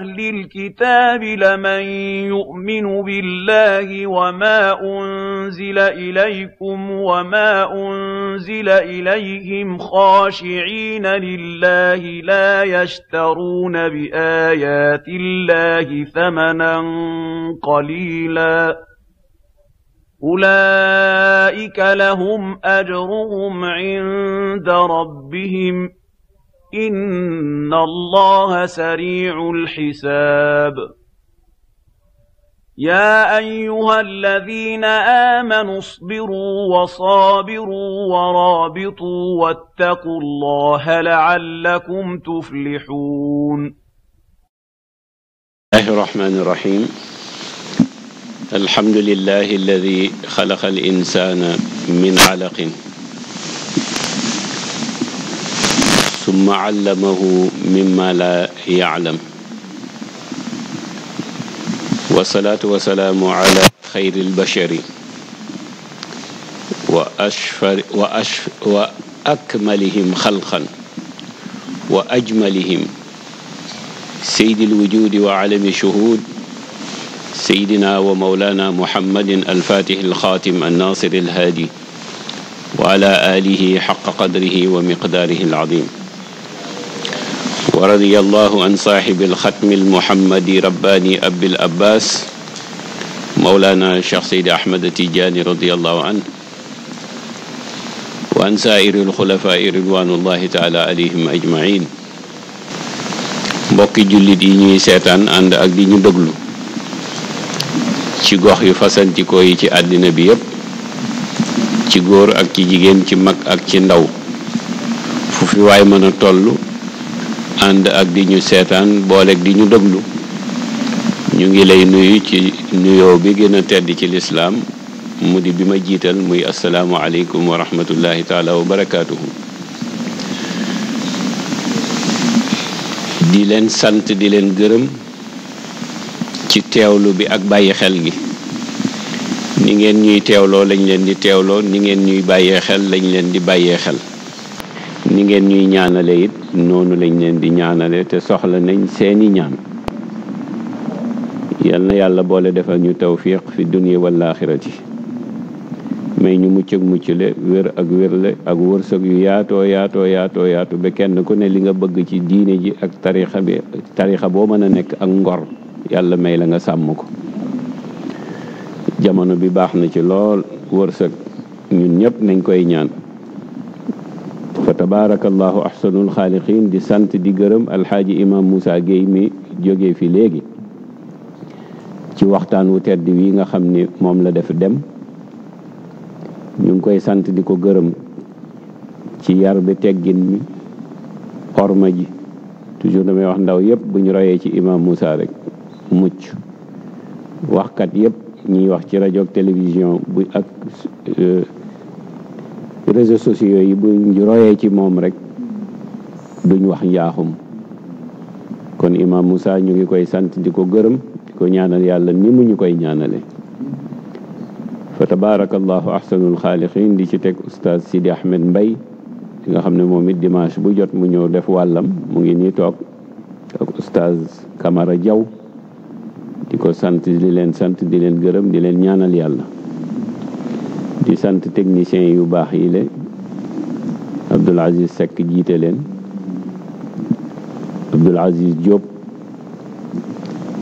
أهل الكتاب لمن يؤمن بالله وما أنزل إليكم وما أنزل إليهم خاشعين لله لا يشترون بآيات الله ثمنا قليلا أولئك لهم أجرهم عند ربهم إن الله سريع الحساب يا أيها الذين آمنوا اصبروا وصابروا ورابطوا واتقوا الله لعلكم تفلحون الله الرحمن الرحيم الحمد لله الذي خلق الإنسان من علق summa allamahu mimma laa yaalam wasalaatu wasalaamu ala xayri albashari wa ashfar wa ash wa akmalihim xalqan wa ajmalihim saydi alwujudi wa alami shuhud saydina wa mawlana muhammadin alfatih alxaatim annaasir alhaadi wa ala alihi xaqa qadrihi wa miqdaarihi alazim ورضي الله عن صاحب الختم المحمدي رباني أبي الأباس مولانا الشيخ سيد أحمد التجاني رضي الله عنه وعن سائر الخلفاء رضوان الله jullit yi ñuy seetaan ànd ak di ñu déglu ci gox yu fasantikoo yi ci àddina bi yépp ci góor ak ci jigéen ci mag ak ci ndaw fu fi waay mën a toll ànd ak di ñu seetaan booleek di ñu déglu ñu ngi lay nuyu ci nuyoo bi gën a tedd ci lislaam mu di bi ma jiital muy asalaamu aleykum wa rahmatullahi taala wa barakaatuhu di leen sant di leen gërëm ci teewlu bi ak bàyyi xel gi ni ngeen ñuy teewloo lañ leen di teewloo ni ngeen ñuy bàyyee xel lañ leen di bàyyee xel ni ngeen ñuy ñaanale it noonu lañ leen di ñaanale te soxla nañ seeni ñaan yal na yàlla boole defar ñu tawfiq fi dunya wal axirati may ñu mucc ak muccule wér ak wérle ak wërsëg yu yaato yaato yaato yaatu ba kenn ku ne li nga bëgg ci diine ji ak tarixa bi tarixa boo mën a nekk ak ngor yàlla may la nga sàmm ko jamono bi baax na ci lool wërsëg ñun ñëpp nañ koy ñaan tabaarakallaahu ahsanul xaaliqiin di sant di gërëm alxaaji imam Moussa Gueye mi jóge fi léegi ci waxtaan wu tedd wi nga xam ni moom la def dem ñu ngi koy sant di ko gërëm ci yar bi teggin mi orma ji toujours damay wax ndaw yëpp bu ñu royee ci imam Moussa rek mucc waxkat yëpp ñuy wax ci rajo ak bu ak euh, réseaux sociaux yi bu royee ci moom rek duñ wax njaaxum kon imam musa ñu ngi koy sant di ko gërëm di ko ñaanal yàlla ni mu ñu koy ñaanale fa tabarakallahu ahsanul xaaliqin di ci teg oustaz Sidi Ahmed Mbay di nga xam ne moom it dimanche bu jot mu ñëw def wàllam mu ngi nii toog ak oustaz Camara Diaw di ko sant di leen sant di leen gërëm di leen ñaanal yàlla di sant technicien yu baax yi le Abdoul Aziz Seck jiite leen Abdoul Aziz Diop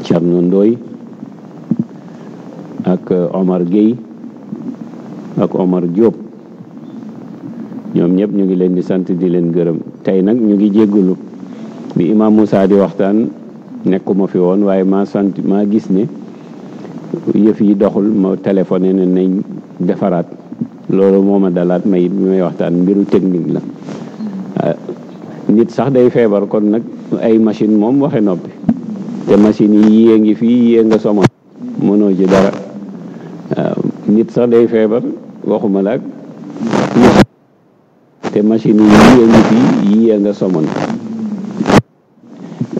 Thierno ak euh, Omar Gueye ak Omar Diop ñoom ñëpp ñu ngi leen di sant di leen gërëm tey nag ñu ngi jéggulu bi Imam Moussa waxtaan nekkuma fi woon waaye maa sant maa gis ne yëf yi doxul ma téléphoné ne nañ defaraat loolu moom ma dalaat may bi may waxtaan mbiru technique la hmm. ah, nit sax day feebar kon nag ay machine moom waxe noppi te machine yi yée ngi fii yée nga somo mënoo ci dara ah, sax day feebar waxuma laag te machine yi yée nga somon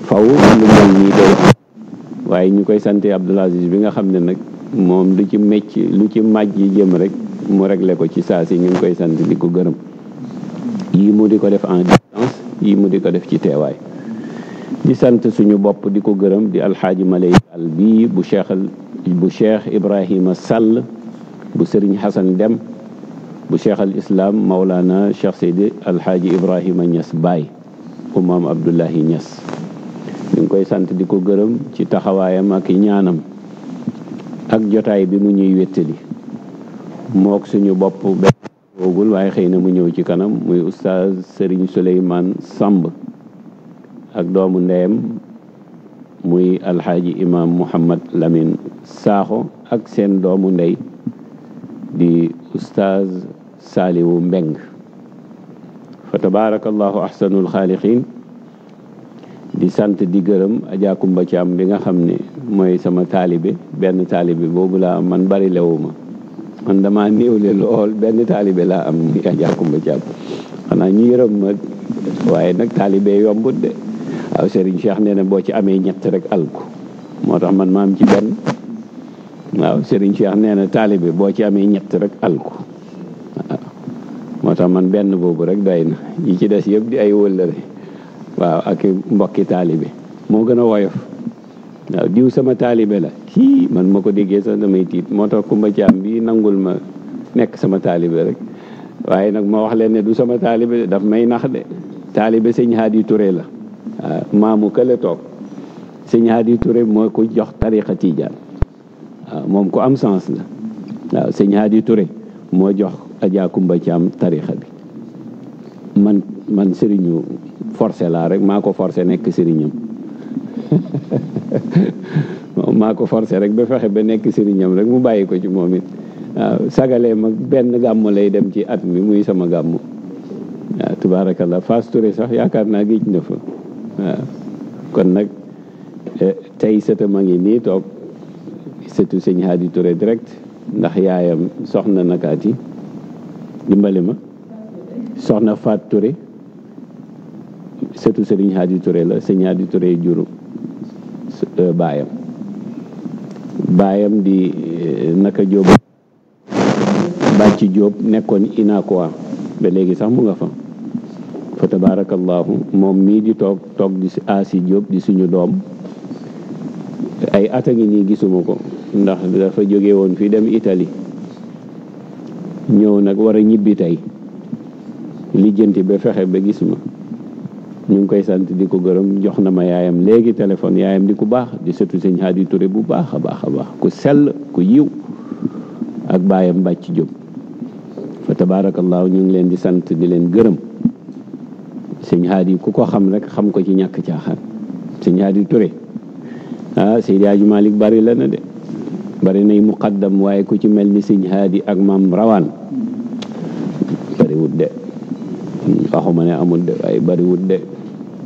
faw lu mel nii day waaye ñu koy sante Abdoul Aziz bi nga xam ne nag moom lu ci mecc lu ci màjj yi jëm rek mu réglé ko ci saasi ñu ngi koy sant di ko gërëm yi mu di ko def en distance yii mu di ko def ci teewaay di sant suñu bopp di ko gërëm di alxaaji Malay Sall bii bu cheikh bu cheikh Ibrahima Sall bu sëriñ Xasan Dem bu cheikh al islam Maulana cheikh Seydi alxaaji Ibrahima Niass baay umam Abdullahi Niass ñu koy sant di ko gërëm ci taxawaayam ak ñaanam ak jotaay bi mu ñuy wéttali mook suñu bopp benn boogul waaye xëy na mu ñëw ci kanam muy oustaz Serigne Souleymane Samb ak doomu ndeyam muy alxaaji imaam Mouhamad lamin Sakho ak seen doomu ndey di oustaz Saliwu Mbeng fa tabaarakallahu ahsanul xaaliqin di sant di gërëm Adja Kumba Thiam bi nga xam ne mooy sama taalibe benn taalibe boobu laa am man bari lewuma man dama néewle lool benn taalibe laa am ni Adja Kumba xanaa ñu yërëm ma waaye nag taalibe yombut de waaw Serigne Cheikh nee na boo ci amee ñett rek alku moo tax man ma am ci benn waaw sëriñ Cheikh nee na taalibe boo ci amee ñett rek alku moo tax man benn boobu rek doy na ñi ci des yëpp di ay wëllëre waaw ak mbokki taalibe moo gën a woyof waaw diw sama taalibe la kii man ma ko déggee sax damay tiit moo tax Kumba Caam bi nangul ma nekk sama taalibe rek waaye nag ma wax leen ne du sama taalibe daf may nax de taalibe sëñ Haadi la maamu kële toog sëñ Haadi moo ko jox tarixa Tijaan waaw moom ko am sens la waaw sëñ Haadi moo jox Adja Kumba Caam tariqa bi man sëriñu forcé laa rek maa ko forcé nekk sëriñam maa ko forcé rek ba fexe ba nekk sëriñam rek mu bàyyi ko ci moom it waaw ah, sagalee ma benn gàmmu lay dem ci at mi muy sama gàmmu waaw ah, tubaarakallah Fass sax yaakaar naa géej na fa ah, kon nag eh, tey sëtam ngi nii toog sëtu sëñ Hadi Touré direct ndax yaayam soxna nakaati dimbali ma soxna Faat Touré sëtu Serigne Hadi Touré la Serigne Hadi Touré jur euh, baayam baayam di euh, naka jóob bàcci jóob nekkoon inakuwa ba léegi sax mu nga fa fa tabarakallahu moom mii di toog toog di aasi jóob di suñu doom ay ata a ngi nii gisuma ko ndax dafa jóge woon fii dem itali ñëw nag war a ñibbi tey lijjanti ba fexe ba gisuma ñu ngi koy sant di ko gërëm jox na ma yaayam léegi téléphone yaayam di ku baax di sëtu sëñ Hadi Touré bu baax a baax a baax ku sell ku yiw ak baayam bàcc jóg fa tabaarakallaahu ñu ngi leen di sant di leen gërëm sëñ Hadi ku ko xam rek xam ko ci ñàkk caaxaan sëñ Hadi Touré ah Seydi bari la na de bari nay muqaddam waaye ku ci mel ni sëñ Hadi ak maam rawaan bariwut de waxuma ne amul de waaye bariwut de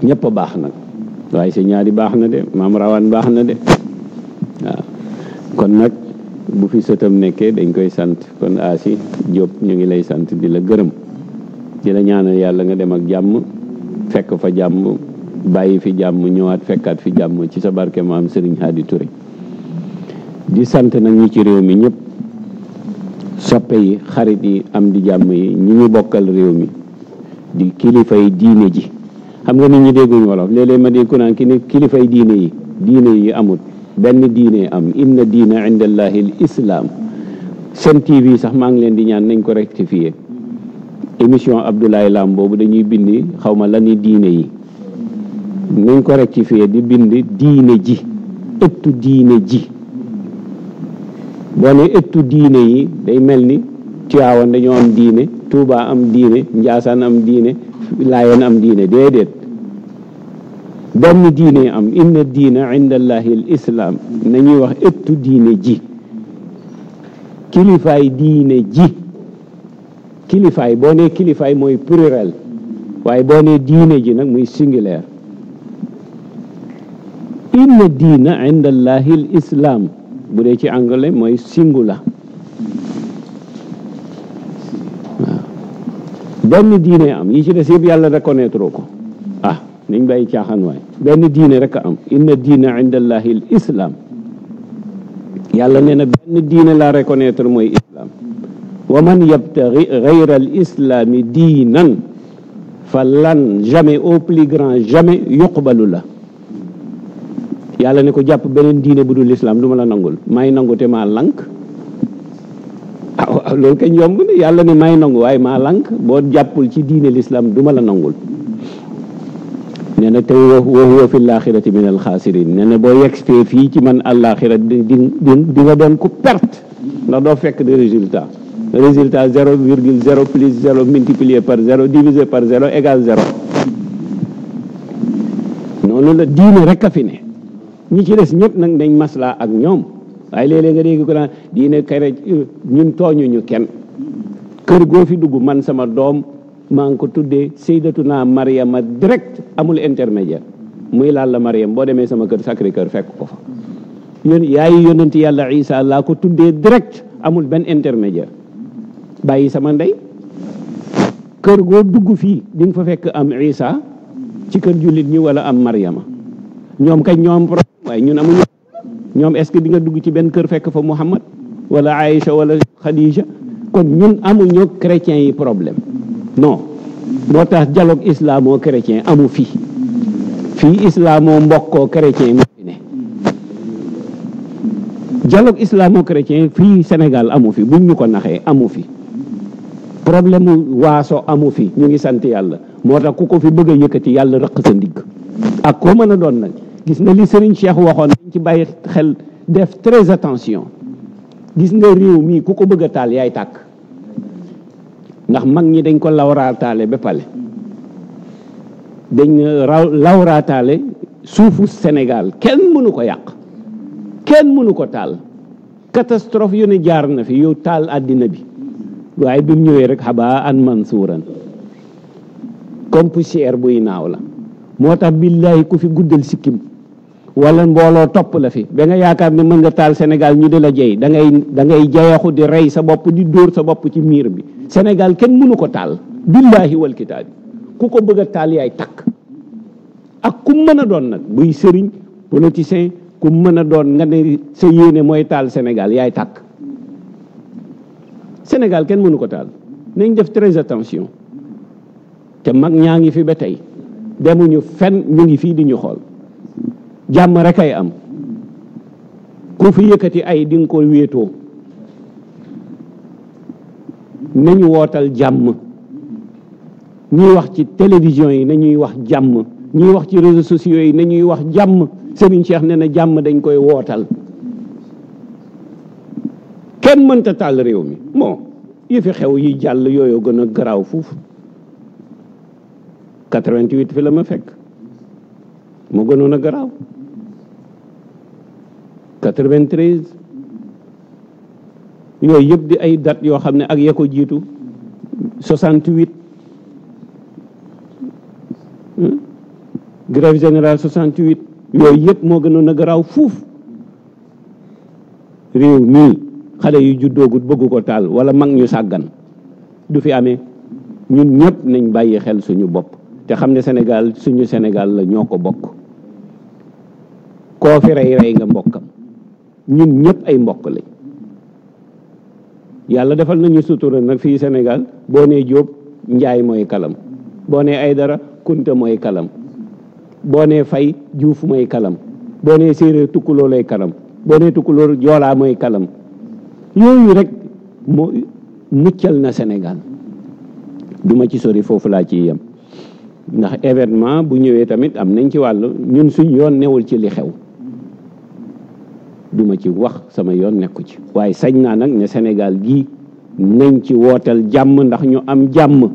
ñëpp baax nag waaye si ñaari baax na de maam rawaan baax na de waaw kon nag bu fi sëtam nekkee dañ koy sant kon Asi Diop ñu ngi lay sant di la gërëm di la ñaanal yàlla nga dem ak jàmm fekk fa jàmm bàyyi fi jàmm ñëwaat fekkaat fi jàmm ci sa barke maam Serigne Hadi Touré di sant nag ñi ci réew mi ñëpp soppe yi xarit yi am di jàmm yi ñi ñu bokkal réew mi di kilifa yi diine ji xam nga nit ñi dégguñu wolof léeg ma dégg ku naan ki ni kilifay diine yi diine yi amul benn diine am inna diina inda allahi l seen TV sax maa ngi leen di ñaan nañ ko rectifier émission Abdoulaye Lam boobu dañuy bind xawma ma diine yi nañ ko rectifier di bind diine ji ëttu diine ji boo ne ëttu diine yi day mel ni Tiwaawan dañoo am diine Touba am diine Njaasaan am diine laayeen am diine déedéet benn diine am inna diina inda allahi al islaam nañuy wax ëttu diine ji kilifaay diine ji kilifaay boo nee kilifaay mooy pluriel waaye boo nee diine ji nag muy singulier inna diina inda al islaam bu dee ci anglais mooy singula benn diine am yi ci des yëpp yàlla reconnaître ko ah niñ bàyyi caaxaan benn diine rek am inna diina inda allahi islam yàlla ne na benn diine la reconnaître mooy islam wa man na ghayra al islami diinan fa lan jamais au plus grand jamais yuqbalu la yàlla ne ko jàpp beneen diine bu dul islam lu ma la nangul maay nangu te maa lank waaw loolu kañ yomb na yàlla ne may nangu waaye maa lànk boo jàppul ci diine l'islam duma la nangul nee na te wa huwa fi laaxirati min alxaasirin nee na boo yegsee fii ci man àllaaxira di di di nga doon ku perte ndax doo fekk de résultat résultat zéro virgule zéro plus zéro multiplié par zéro divisé par zéro égal zéro noonu la diine rek a fi ne ñi ci des ñëpp nag dañ maslaa ak ñoom waaye léeg-léeg nga dégg ko naan diine kere ñun tooñuñu kenn kër goo fi dugg man sama doom maa ngi ko tuddee seydatu Seydatuna Mariama direct amul intermédiaire muy laal la Mariam boo demee sama kër Sacré Cœur fekk ko fa yéen yaayu yonent yàlla Isa laa ko tuddee direkt amul benn intermédiaire bàyyi sama ndey kër goo dugg fii di nga fa fekk am Isa ci kër jullit ñi wala am Mariama ñoom kañ ñoom problème waaye ñun amuñu ñoom est-ce que di nga dugg ci benn kër fekk fa Muhammad wala Aïcha wala Khadija kon ñun amuñu chrétiens yi problème non moo tax dialogue islamo chrétien amu fi fii islamo mbokkoo chrétien moo fi ne dialogue chrétien fii Sénégal amu fi buñ ñu ko naxee amu fi problème waaso amu fi ñu ngi sant yàlla moo tax ku ko fi bëgg a yëkkati yàlla rëq sa ndigg ak koo mën a doon nag gis nga li Serigne Cheikh waxoon dañ ci bàyyi xel def très attention gis nga réew mii ku ko bëgg a taal yaay tàkk ndax mag ñi dañ ko lawraataale ba pale dañ lawraataale suufu Sénégal kenn mënu ko yàq kenn mënu ko taal catastrophe yu ne jaar na fi yow taal àddina bi waaye bi mu ñëwee rek xabaa an mansuuran comme poussière buy naaw la moo tax billaahi ku fi guddal sikkim wala mbooloo topp la fi ba nga yaakaar ne mën nga taal Sénégal ñu di la jey dangay ngay da ngay jayaxu di rey sa bopp di dóor sa bopp ci miir bi Sénégal kenn mënu ko taal billaahi wal ku ko bëgg a taal yaay takk ak ku mën a doon nag buy sëriñ politicien ku mën a doon nga ne sa mooy taal Sénégal yaay tàkk Sénégal kenn mënu ko taal nañ def très attention te mag ñaa ngi fi ba tey demuñu fen ñu ngi fii di ñu xool jàmm rek ay am ku fi yëkkati ay di nga ko wéetoo nañu wootal jàmm ñuy wax ci télévision yi nañuy wax jàmm ñuy wax ci réseaux sociaux yi nañuy wax jàmm Serigne Cheikh nee na jàmm dañ koy wootal kenn mënta taal réew mi bon yëfi xew yi jàll yooyu gën a garaaw fuuf 88 fi la ma fekk moo gënoon a garaaw 93 yooyu yëpp di ay dat yoo xam ne ak ya ko jiitu 68 hmm? grève générale 68 yooyu yëpp moo gënoon a garaaw fuuf réew mii xale yu juddoogut bëgg ko taal wala mag ñu sàggan du fi amee ñun ñëpp nañ bàyyi xel suñu bopp te xam ne Sénégal suñu senegal la ñoo ko bokk koo fi rey rey nga mbokkam ñun ñëpp ay mbokk lañ yàlla defal nañu sutura nag fii Sénégal boo nee Jóob Njaay mooy kalam boo nee ay dara Kunta mooy kalam boo nee Fay Juuf mooy kalam boo nee Séeréer Tukkuloo kalam boo nee Tukkuloo Joolaa mooy kalam yooyu rek moo muccal na Sénégal duma ci sori foofu laa ci yem ndax événement bu ñëwee tamit am nañ ci wàll ñun suñ yoon newul ci li xew duma ci wax sama yoon nekku ci waaye sañ naa nag ne senegaal gii nañ ci wootal jàmm ndax ñu am jàmm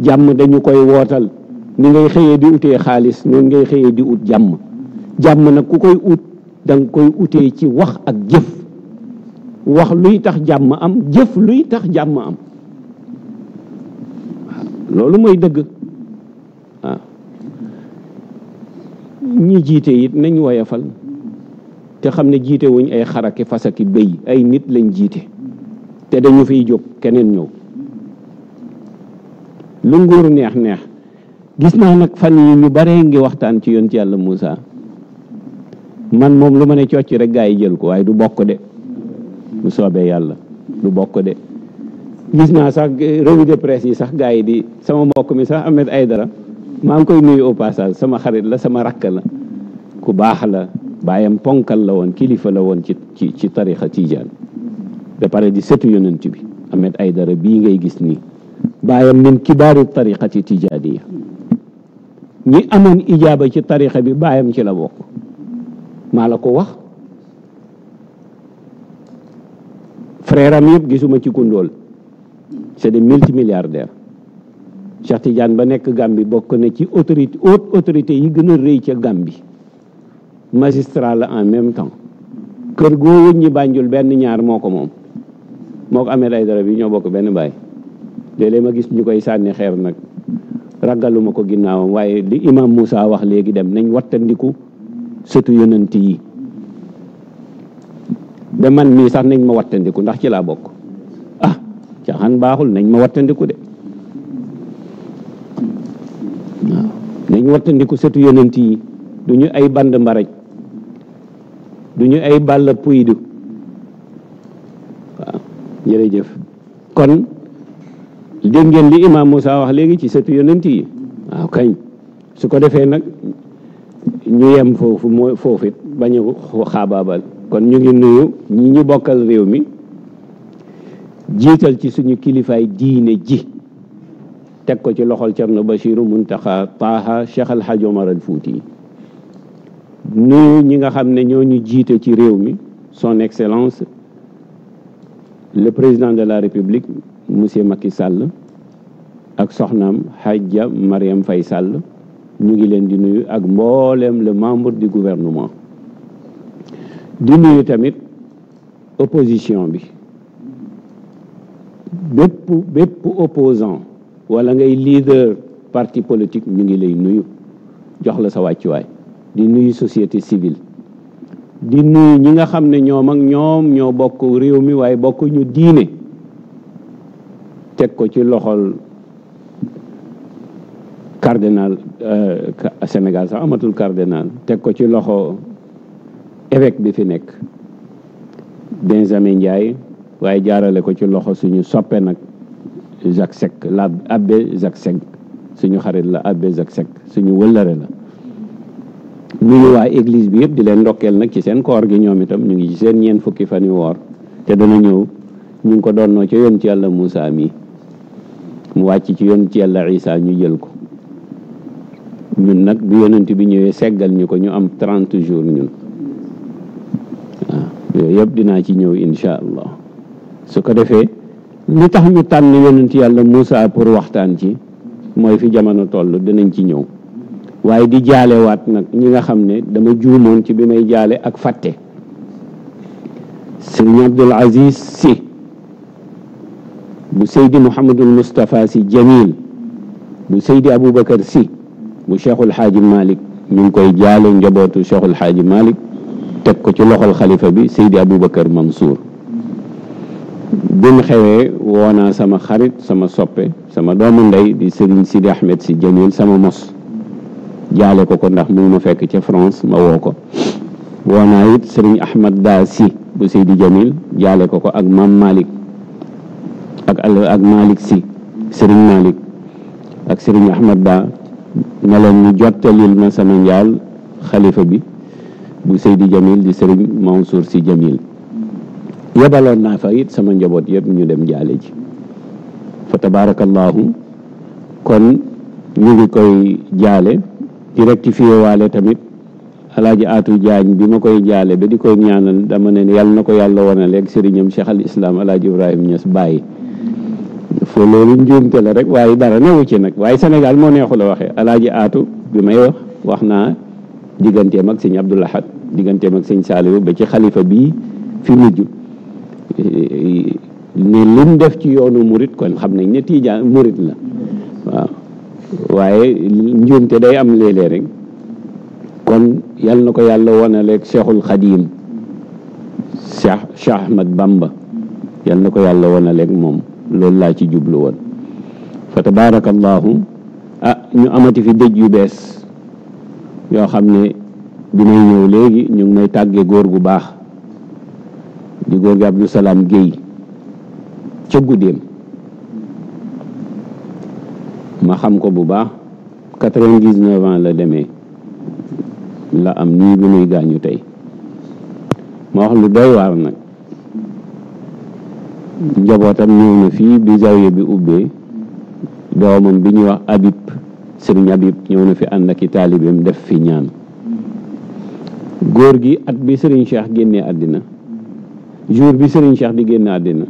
jàmm dañu koy wootal ni ngay xëyee di utee xaalis noonu ngay xëyee di ut jàmm jàmm nag ku koy ut danga koy utee ci wax ak jëf wax luy tax jàmm am jëf luy tax jàmm am loolu mooy dëgg waaw ah. ñi jiite it nañ woyafal te xam ne jiite wuñ ay xaraki fasaki bëy ay nit lañ jiite te dañu fiy jóg keneen ñëw lu nguur neex neex gis naa nag fan yi ñu baree ngi waxtaan ci yoon ci yàlla Moussa man moom lu ma ne cocc rek gaa yi jël ko waaye du bokk de mu soobee yàlla du bokk de gis naa sax revue de presse yi sax gaa yi di sama mbokk mi sax ay dara maa ngi koy nuyu au sama xarit la sama rakk la ku baax la baayam ponkal la woon kilifa la woon ci ci ci tarixa tijaan ba pare di sëtu yonent bi ay dara bii ngay gis nii baayam min kibaari tariqati tijaaniya ñi amoon ijaaba ci tarixa bi baayam ci la bokk maa la ko wax frère am yëpp gisuma ci kundool c'est des multimilliardaires Cheikh Tidiane ba nekk gam bi bokk na ci autorité haute autorité yi gën a rëy ca bi magistrat la en même temps kër goo wëññi bànjul benn ñaar moo ko moom moo ko amee ay dara bi ñoo bokk benn baay léeg ma gis ñu koy sànni xeer nag ragaluma ko ginnaawam waaye li imam Moussa wax léegi dem nañ wattandiku sëtu yonent yi de man mii sax nañ ma wattandiku ndax ci laa bokk ah caaxaan baaxul nañ ma wattandiku de waaw nañ wattandiku sëtu yonent yi du ñu ay band mbaraj du ñu ay bàll puydu waaw jërëjëf kon dégg ngeen li imaam Moussa wax léegi ci sëtu yonent yi waaw kañ su ko defee nag ñu yem foofu mooy foofit bañ xaabaabal kon ñu ngi nuyu ñi ñu bokkal réew mi jiital ci suñu kilifaay diine ji teg ko ci loxol Cerno Bachiru Muntaxa Taaha Cheikh Alhaj Omar al Fuuti nuyu ñi nga xam ne ñoo ñu jiite ci réew mi son excellence le président de la république monsieur Macky sàll ak soxnaam Hadja Mariam fay sàll ñu ngi leen di nuyu ak mbooleem le membre du gouvernement di nuyu tamit opposition bi bépp opposant wala ngay leader parti politique ñu ngi lay nuyu jox la sa wàccuwaay di nuyu société civile di nuyu ñi nga xam ne ñoom ak ñoom ñoo bokk réew mi waaye bokk ñu diine teg ko ci loxol cardinal euh, Sénégal sax amatul cardinal teg ko ci loxo évêque bi fi nekk Benjamin Ndiaye waaye jaarale ko ci loxo suñu soppe nag Jacques Seck la abbé Jacques Seck suñu xarit la abbé Jacques Seck suñu wëllare la nuyu waa église bi yëpp di leen ndokkeel nag ci seen koor gi ñoom itam ñu ngi ci seen ñeen fukki fan yu woor te dana ñëw ñu ngi ko doonnoo ca yoon ci yàlla Moussa mii mu wàcc ci yoon ci yàlla Isa ñu jël ko ñun nag bu yonent bi ñëwee seggal ñu ko ñu am trente jours ñun yooyu yëpp dinaa ci ñëw incha allah su ko defee li tax ñu tànn yonent yàlla Moussa pour waxtaan ci mooy fi jamono toll dinañ ci ñëw waaye di jaalewaat nag ñi nga xam ne dama juumoon ci bi may jaale ak fatte fàtte sëriñ Abdul Aziz si bu seydi Mouhamadul Moustapha si Jamil bu seydi Aboubacar si bu Cheikhul Xaaji malik ñu ngi koy jaale njabootu Cheikhul Xaaji Malick teg ko ci loxol xalifa bi seydi Aboubacar Mansour bi mu xewee woonaa sama xarit sama soppe sama doomu ndey di sëriñ Sidi Ahmed si Jamil sama mos jaale ko ko ndax mi ngi ma fekk ca France ma woo ko woo sëriñ Ahmad Daa si bu Seydi Jamil jaale ko ko ak maam Malick ak ak Malick si sëriñ Malick ak sëriñ Ahmad Daa ne leen ñu jottalil ma sama njaal xalifa bi bu Seydi Jamil di sëriñ Mansour si Jamil yebaloon naa fa it sama njaboot yëpp ñu dem jaale ji fa tabaarakallaahu kon ñu ngi koy jaale di waale tamit alaaji aatu jaañ bi ma koy jaale ba di ko ñaanal dama nen yàlla na ko yàlla wonale ak sëriñam cheikh al islam alaaji ibrahima ñas bàyyi foo loolu njuumte la rek waaye dara newu ci nag waaye senegal moo neexul a waxee alaaji aatu bi may wax wax naa digganteem ak sëñ abdul ahad digganteem sëñ saaliwu ba ci xalifa bii fi mujj eh, ne lim def ci yoonu murit kon xam nañ ne tiijaan murit la waaye njuumte day am léeg-léeg kon yal na ko yàlla wonaleeg cheikhul xadiim cheikh cheikh ahmad bamba yal na ko yàlla wonaleeg moom loolu laa ci jublu woon fa tabaarakallaahu ah ñu amati fi dëj yu bees yoo xam ne bi may ñëw léegi ñu ngi may tàgge góor gu baax di góor gi abdou salaam géy ca guddeem ma xam ko bu baax quatre vingt la demee la am nii bi muy gaañu tey ma wax lu doy waar nag njabootam ñëw na fii bi zawiya bi ubbee doomam bi ñuy wax Abib sëriñ Abib ñëw na fi ànd ak i taalibeem def fi ñaan góor gi at bi sëriñ Cheikh génnee àddina jour bi sëriñ Cheikh di génne àddina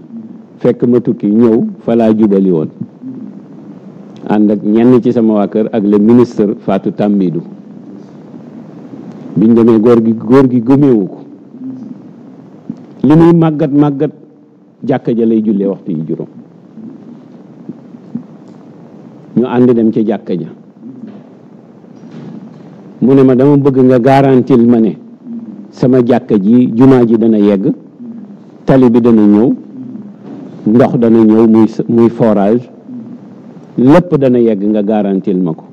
fekk ma tukki ñëw falaa jubali woon ànd ak ñenn ci sama waa kër ak le ministre Fatou Tambidou biñ demee góor gi góor gi gëmeewu ko li muy màggat màggat jàkka ja lay jullee waxtu yi juróom ñu ànd dem ci jàkka ja mu ne ma dama bëgg nga garantil ma ne sama jàkka ji jumaa ji dana yegg tali bi dana ñëw ndox dana ñëw muy forage lépp dana yegg nga garantil ma ko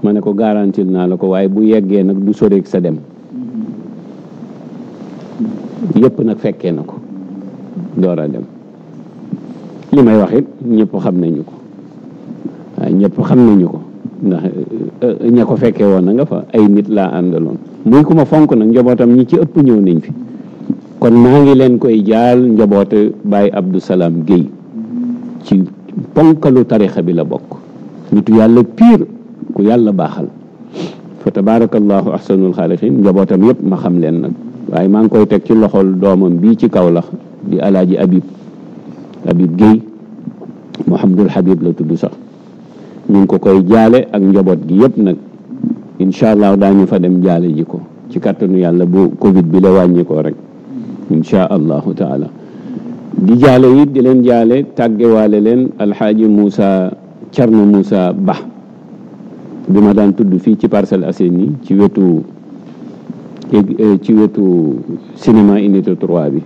ma ne ko garantil naa la ko waaye bu yeggee nag du soreek sa dem yëpp nag fekkee na ko door a dem li may waxit ñépp xam nañu ko waaw ñëpp xam nañu ko ndax euh, ña ko fekkee woon na nga fa ay nit laa àndaloon muy ku ma fonk nag njabootam ñi ci ëpp ñëw nañ fi kon maa ngi leen koy jaal njaboot Baye Abdou Salam Guèye ponkalu tarixa bi la bokk nitu yàlla pire ku yàlla baaxal fa tabarakallahu ahsanul xaaliqin njabootam yëpp ma xam leen nag waaye maa ngi koy teg ci loxol doomam bii ci kaw la di alaaji abib abib Guèye Mouhamadul Habib la tudd sax ñu ko koy jaale ak njaboot gi yëpp nag incha allah daañu fa dem jaale ji ko ci kàttanu yàlla bu Covid bi la wàññi ko rek incha allahu taala di jaale it di leen jaale tàggewaale leen alxaaji Moussa Thierno Moussa Ba bi ma daan tudd fii ci Parcelles Assainies ci wetu ci wetu cinéma unité 3 bi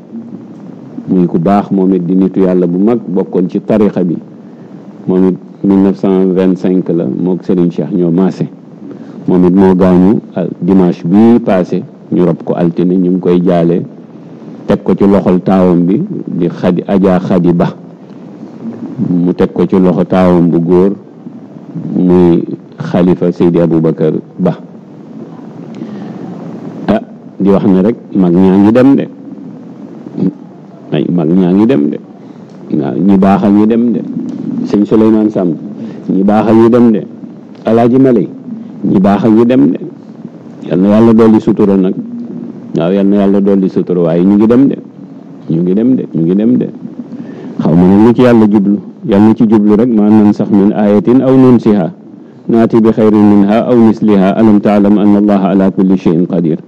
muy ku baax moom it di nitu yàlla bu mag bokkoon ci tarixa bi moom it 1925 la moog Serigne Cheikh ñoo maase moomit moo gaañu dimanche bi passé ñu rob ko altine ñu ngi koy jaale teg ko ci loxol taawam bi di xadi ajaa xadi ba mu teg ko ci loxo taawam bu góor muy xalifa Seydi Aboubacar Ba ah di wax ne rek mag ñaa ngi dem de ay mag ñaa ngi dem de waaw ñi baax a ngi dem de sëñ Souleymane Samb ñi baax a ngi dem de alaaji Malay ñi baax a ngi dem de yal yàlla dolli sutura nag waaw yal na yàlla dolli sutura waaye ñu ngi dem de ñu ngi dem de ñu ngi dem de xaw ma ne lu ci yàlla jublu yal yàlla ci jublu rek ma nan sax min ayatin aw nunsiha naati bi xayrin minha aw misliha alam taalam anna allaha ala kulli shay'in qadir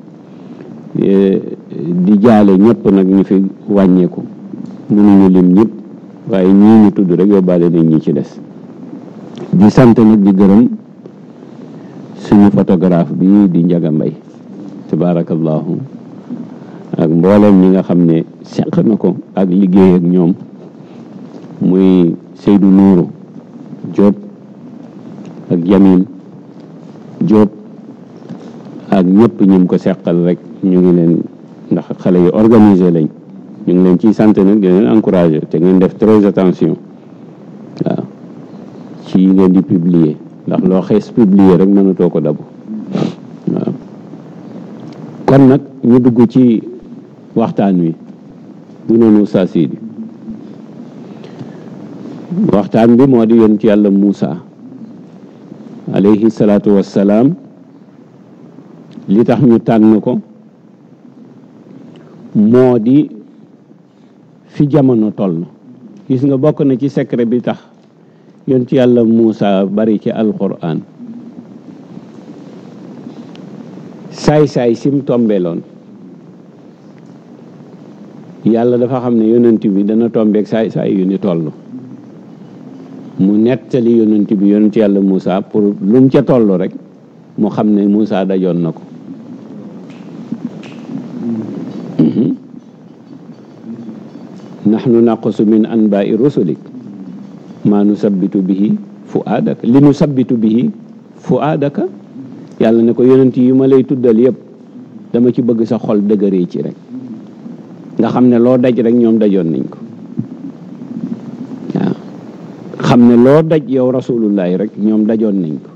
eh, di jaale ñëpp nag ñu fi wàññeeku mënuñu lim ñëpp waaye ñii ñu tudd rek yóbbaale nañ ñi ci des di sant nag di gërëm suñu photographe bi di Njaga Mbay tabaarakallaahu ak mbooleem ñi nga xam ne seq na ko ak liggéey ak ñoom muy Seydou nuuru Diop ak Yamin Diop ak ñëpp ñim ko seqal rek ñu ngi leen ndax xale yi organisé lañ ñu ngi leen ciy sant nag di leen encouragé te ngeen def très attention waaw ci ngeen di publier ndax loo xees publier rek mënatoo ko dabu waaw kon nag ñu dugg ci waxtaan wi bu waxtaan bi moo di yoon ci yàlla muusa alayhi salaatu wassalaam li tax ñu tànn ko moo di fi jamono toll gis nga bokk na ci secret bi tax yoon ci yàlla Moussa bari ci alquran saay-saay sim tombeeloon yàlla dafa xam ne yonent bi dana tombeek saay-saay yu ni toll mu nettali yonent bi yonent yàlla Moussa pour lu ca toll rek mu xam ne muusa dajoon na ko mhm. nahnu naqusu min anbaai rusulik maa nu sabbitu bi fuaadaka li nu sabbitu bihi fuaadaka yàlla ne ko yonent yi ma lay tuddal yépp dama ci bëgg sa xol dëgëree ci rek nga xam ne loo daj rek ñoom dajoon nañ ko waaw xam ne loo daj yow rasulullahi rek ñoom dajoon nañ ko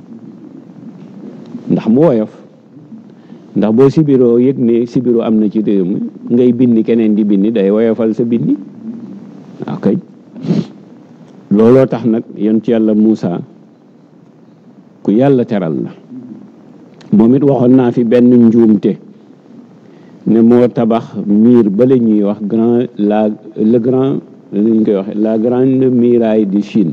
ndax mu woyof ndax boo sibiroo yëg ne sibiru am na ci réew ngay bindi keneen di bindi day woyofal sa binni waaw looloo tax nag yon ci yàlla Muusa ku yàlla teral la moom it waxoon naa fi benn njuumte ne moo tabax miir bale ñuy wax grand la le grand koy waxe la grande muraille de Chine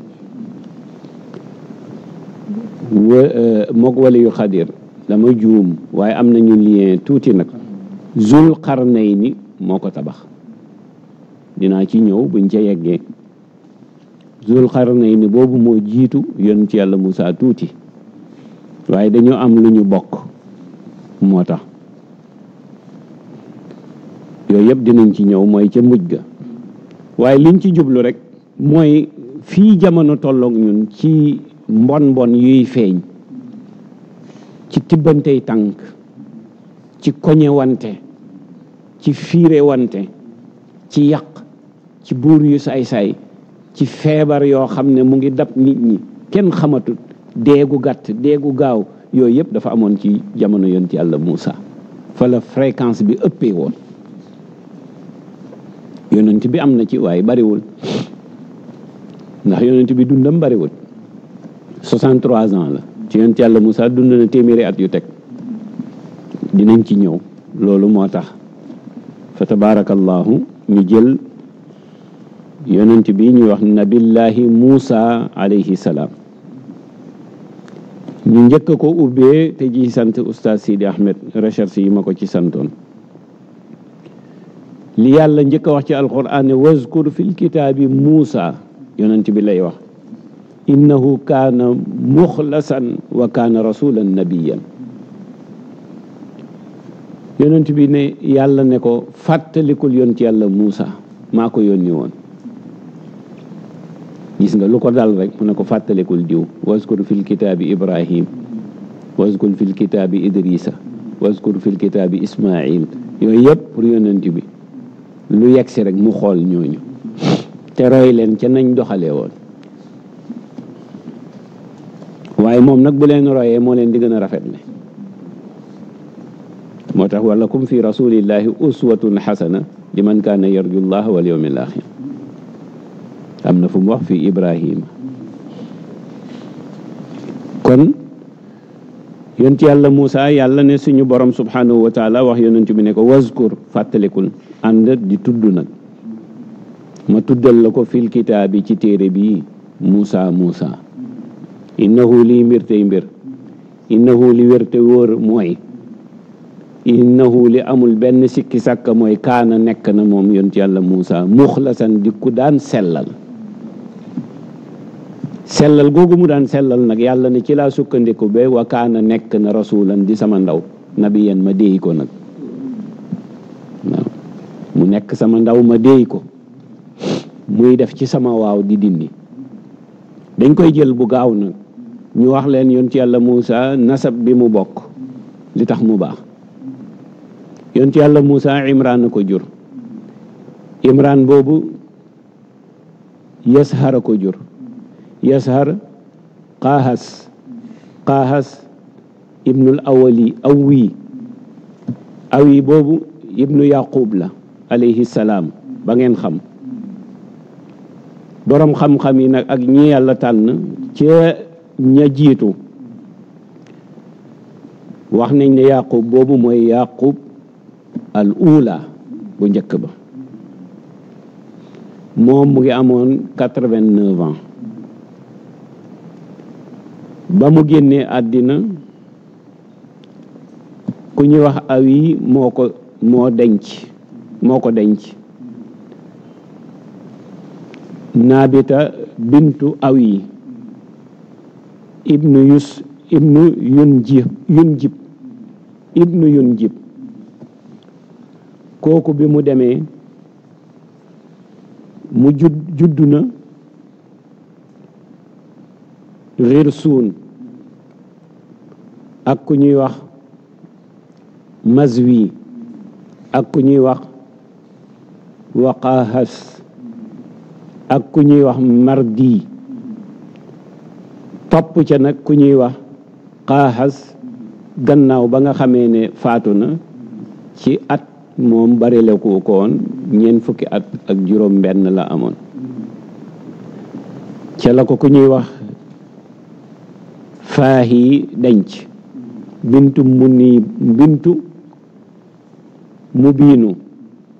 euh, mook wali yu xadir dama juum waaye am nañu lien tuuti nag zul xarnayni moo ko tabax dinaa ci ñëw buñ ca yeggee zul xarnayni boobu moo jiitu yoon ci yàlla Moussa tuuti waaye dañoo am lu ñu bokk moo tax yooyu yëpp dinañ ci ñëw mooy ca mujj ga waaye liñ ci jublu rek mooy fii jamono tolloog ñun ci mbon mbon yuy feeñ ci tibbantey tànk ci koñewante ci fiirewante ci yàq ci buur yu saay-saay ci feebar yoo xam ne mu ngi dab nit ñi kenn xamatut deegu gàtt deegu gaaw yooyu yëpp dafa amoon ci jamono yonent yàlla Moussa fa la fréquence bi ëppee woon yonent bi am na ci waaye bariwul ndax yonent bi dundam bariwul 63 ans la ci yonent yàlla Moussa dund na téeméeri at yu teg dinañ ci ñëw loolu moo tax fa tabaarakallaahu ñu jël yonent bi ñuy wax nabillahi Moussa alayhi salaam ñu njëkk ko ubbee te ji sant oustaz Sidi Ahmed recherche yi ma ko ci santoon li yàlla njëkk a wax ci alquran ne wazkur fil kitaabi Muusa yonent bi lay wax innahu kaana muxlasan wa kaana rasulan nabiyan yonent bi ne yàlla ne ko fàttalikul yonent yàlla Muusa maa ko yónni woon gis nga lu ko dal rek mu ne ko fàttalikul diw waskur fil kitaabi ibrahim waskur fil kitaabi idrisa waskur fil kitaabi ismail yooyu yëpp pour yonent bi lu yegsi rek mu xool ñooñu te roy leen ca nañ doxalee woon waaye moom nag bu leen royee moo leen di gën a rafet rafetle moo tax walakum fi rasulillahi uswatun xasana liman kaana yarju llah wal yawmil axir am na fu mu wax fi Ibrahima kon ci yàlla Moussa yàlla ne suñu borom subhanahu wa taala wax yonent bi ne ko waskur fàttalikul ànd di tudd nag ma tuddal la ko fil kitaabi ci téere bi Moussa Moussa innahu liy mbir tey mbir innahu li wér te wóor mooy innahu li amul benn sikki sàkka mooy kaana nekk na moom ci yàlla muusa muxlasan di ku daan sellal sellal googu mu daan sellal nag yàlla ne ci laa sukkandiku ba wakaana nekk na rasulan di sama ndaw nabiyan ma déey ko nag mu nekk sama ndaw ma déey ko muy def ci sama waaw di dindi dañ koy jël bu gaaw nag ñu wax leen yoon ci yàlla Muusa nasab bi mu bokk li tax mu baax yoon ci yàlla Muusa Imraan a ko jur Imraan boobu Yashar a ko jur yashar qaahas qaahas ibnul awali awi boobu ibnu yaqub la alayhi salaam ba ngeen xam boroom xam-xam yi nag ak ñi yàlla tànn ci ña jiitu wax nañ ne yaqub boobu mooy yaqub al ula bu njëkk ba moom mu ngi amoon quatre-vingt-neuf ba mu génnee àddina ku ñuy wax awi moo ko moo denc moo ko denc naabita bintu awi ibnu yus ibnu yun ji jib ibnu yun jib kooku bi mu demee mu judd juddu na rir suun ak ku ñuy wax mazwi ak ku ñuy wax waqahas ak ku ñuy wax mardi topp ca nag ku ñuy wax qahas gannaaw ba nga xamee ne faatu na ci at moom barele ko woon ñeent fukki ak juróom benn la amoon ca la ko ku ñuy wax faahi denc bintu muni bintu mu biinu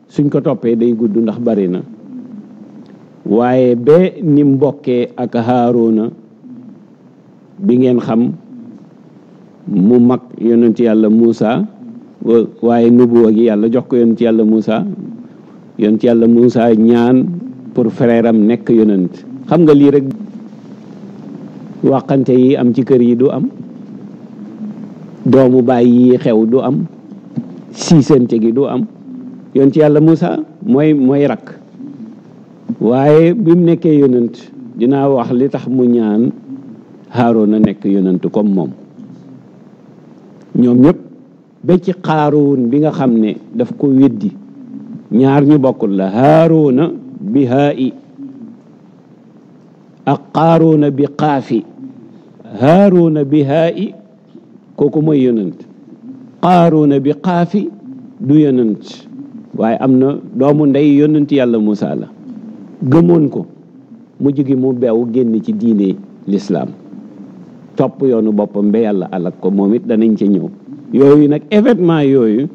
suñ ko toppee day gudd ndax bari na waaye ba ni mbokkee ak Haaruna bi ngeen xam mu mag yonent yàlla Muusa waaye nubuwa gi yàlla jox ko yonent yàlla Muusa yonent yàlla Muusa ñaan pour frère nekk yonent xam nga lii rek waxante yi am ci kër yi du am doomu bàyyi yi xew du am siisante gi du am yoon ci yàlla Moussa mooy mooy rakk waaye bi mu nekkee yonant dinaa wax li tax mu ñaan Haaruna nekk yonant comme moom ñoom ñëpp ba ci Qaaruun bi nga xam ne daf ko weddi ñaar ñu bokkul la Haaruna bi haa'i ak Qaaruuna bi qaafi Haaruna bi haa'i kooku mooy yonent qaaruuna bi xaafi du yonent waaye am na doomu ndey yonent yàlla Muusa la gëmoon ko mu jógi mu beew génn ci diine lislaam topp yoonu boppam ba yàlla alak ko moom it danañ ca ñëw yooyu nag événement yooyu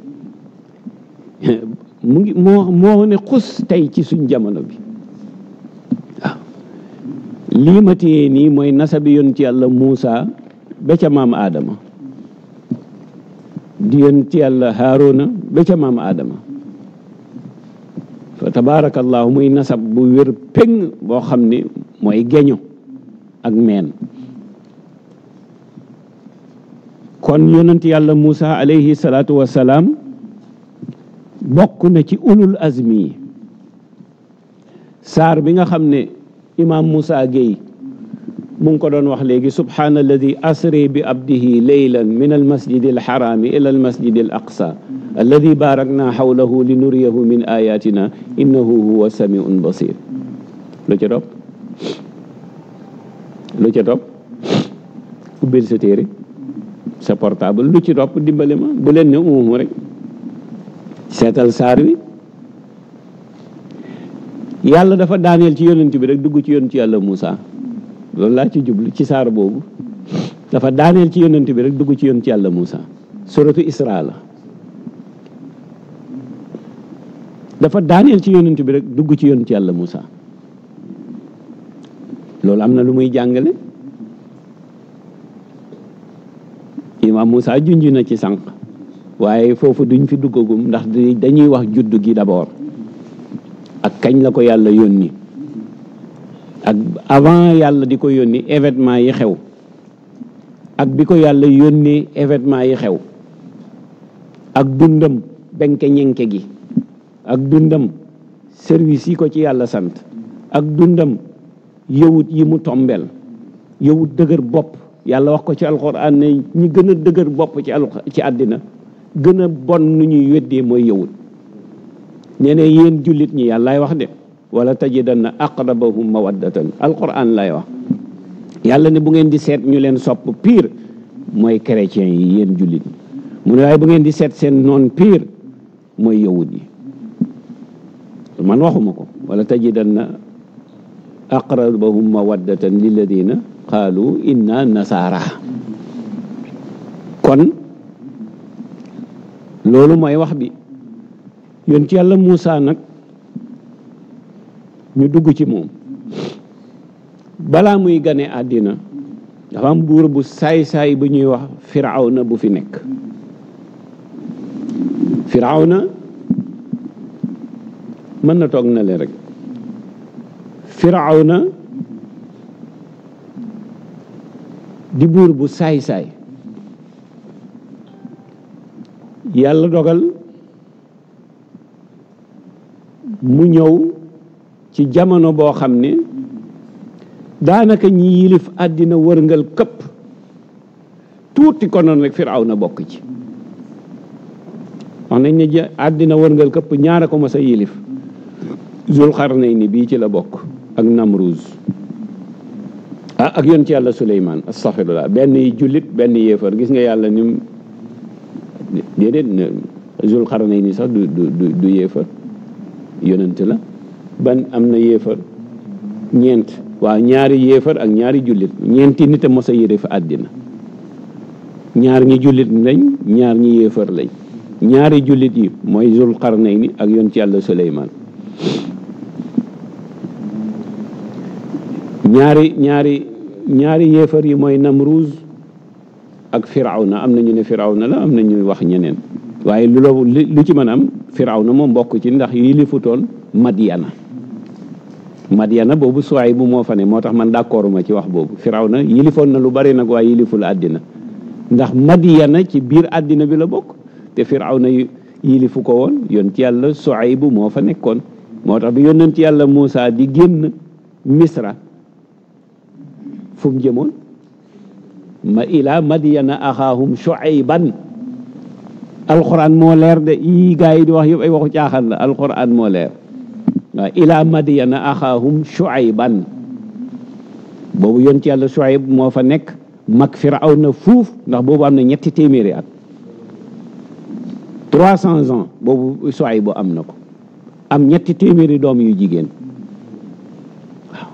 mu ngi moo moo ne xus tey ci suñ jamono bi waaw lii ma téye nii mooy nasabi yonent yàlla Muusa ba ca maam Aadama di yonti yàlla Haaruna ba ca maam Adama fa tabaarakallaahu muy nasab bu wér péng boo xam ni mooy geño ak meen kon yonent yàlla Moussa alayhi salaatu wa salaam bokk na ci ulul azmi saar bi nga xam ne imaam Moussa Gueye mu ngi ko doon wax léegi subhaana alladi asri bi abdihi leylan min almasjidi alxaraami ila almasjidi al aqsa alladi baarakna xawlahu li nuriyahu min ayatina innahu huwa samiun basir lu ca topp lu ca topp ubbil sa téere sa portable lu ci topp dimbale ma bu leen ne umumu rek seetal saar wi yàlla dafa daaneel ci yonent bi rek dugg ci yonent yàlla Muusa loolu laa ci jublu ci saar boobu dafa daaneel ci yonent bi rek dugg ci yonent yàlla Moussa suratu Isra la dafa daaneel ci yonent bi rek dugg ci yonent yàlla Moussa loolu am na lu muy jàngale imaam Moussa junj na ci sànq waaye foofu duñ fi duggagum ndax dañuy wax juddu gi d'abord ak kañ la ko yàlla yónni ak avant yàlla di ko yónni événement yi xew ak bi ko yàlla yónnee événement yi xew ak dundam benke ñenke gi ak dundam service yi ko ci yàlla sant ak dundam yëwut yi mu tombel yëwut dëgër bopp yàlla wax ko ci alxuraan ne ñi gën a dëgër bopp ci al ci àddina gën a bon nu ñuy weddee mooy yëwut nee ne yéen jullit ñi yàllaay wax de wala tajidanna aqrabahum mawaddatan alquran lay wax yàlla ne bu ngeen di seet ñu leen sopp piir mooy chrétiens yi yéen jullit mu ne waaye bu ngeen di seet seen noon piir mooy yawut yi man waxuma ko wala tajidanna aqrabahum mawaddatan lilladina qaalu inna nasaara kon loolu mooy wax bi yoon ci yàlla Muusa nag ñu dugg ci moom balaa muy gane àddina dafa am buur bu saay-saay bu ñuy wax firawna bu fi nekk firawna mën na toog na le rek firawna di buur bu saay-saay yàlla dogal mu ñëw ci jamono boo xam ne daanaka ñi yilif àddina wërngal këpp tuuti konoon rek Firawna bokk ci wax nañ ne àddina wërngal këpp ñaara ko mos a yilif Zulxarnayni bii ci la bokk ak Namruz ah ak yoon ci yàlla Suleymaan astaxfirullah benn yi jullit benn yéefar gis nga yàlla ni mu déedéet Zulxarnayni sax du du yéefar yonent la ban am na yéefar ñeent waaw ñaari yéefar ak ñaari jullit ñeenti nit a mos a yëre fa àddina ñaar ñi jullit lañ ñaar ñi yéefar lañ ñaari jullit yi mooy zul qarnayni ak yoon ci yàlla Suleymaan ñaari ñaari ñaari yéefar yi mooy Namruuz ak Firawna am na ñu ne Firawna la am na ñuy wax ñeneen waaye lu lu ci mën am Firawna moom mbokk ci ndax yilifutoon Madyana Madiana boobu suwaay bu moo fa ne moo tax man d'accord ma ci wax boobu Firawna yilifoon na lu bari nag waaye yiliful àddina ndax Madiana ci biir àddina bi la bokk te Firawna yilifu ko woon yonent yàlla suwaay bu moo fa nekkoon moo tax bi yonent yàlla Muusa di génn Misra fu mu jëmoon ma ila Madiana axaahum Shuayban alxuraan moo leer de yii gaa yi di wax yëpp ay waxu caaxaan la alxuraan moo leer ila madiyana axaahum shuayban boobu yoon ci yàlla shuayb moo fa nekk mag firaw na fuuf ndax boobu am na ñetti téeméeri at trois cents ans boobu shuayb bu am na ko am ñetti téeméeri doom yu jigéen waaw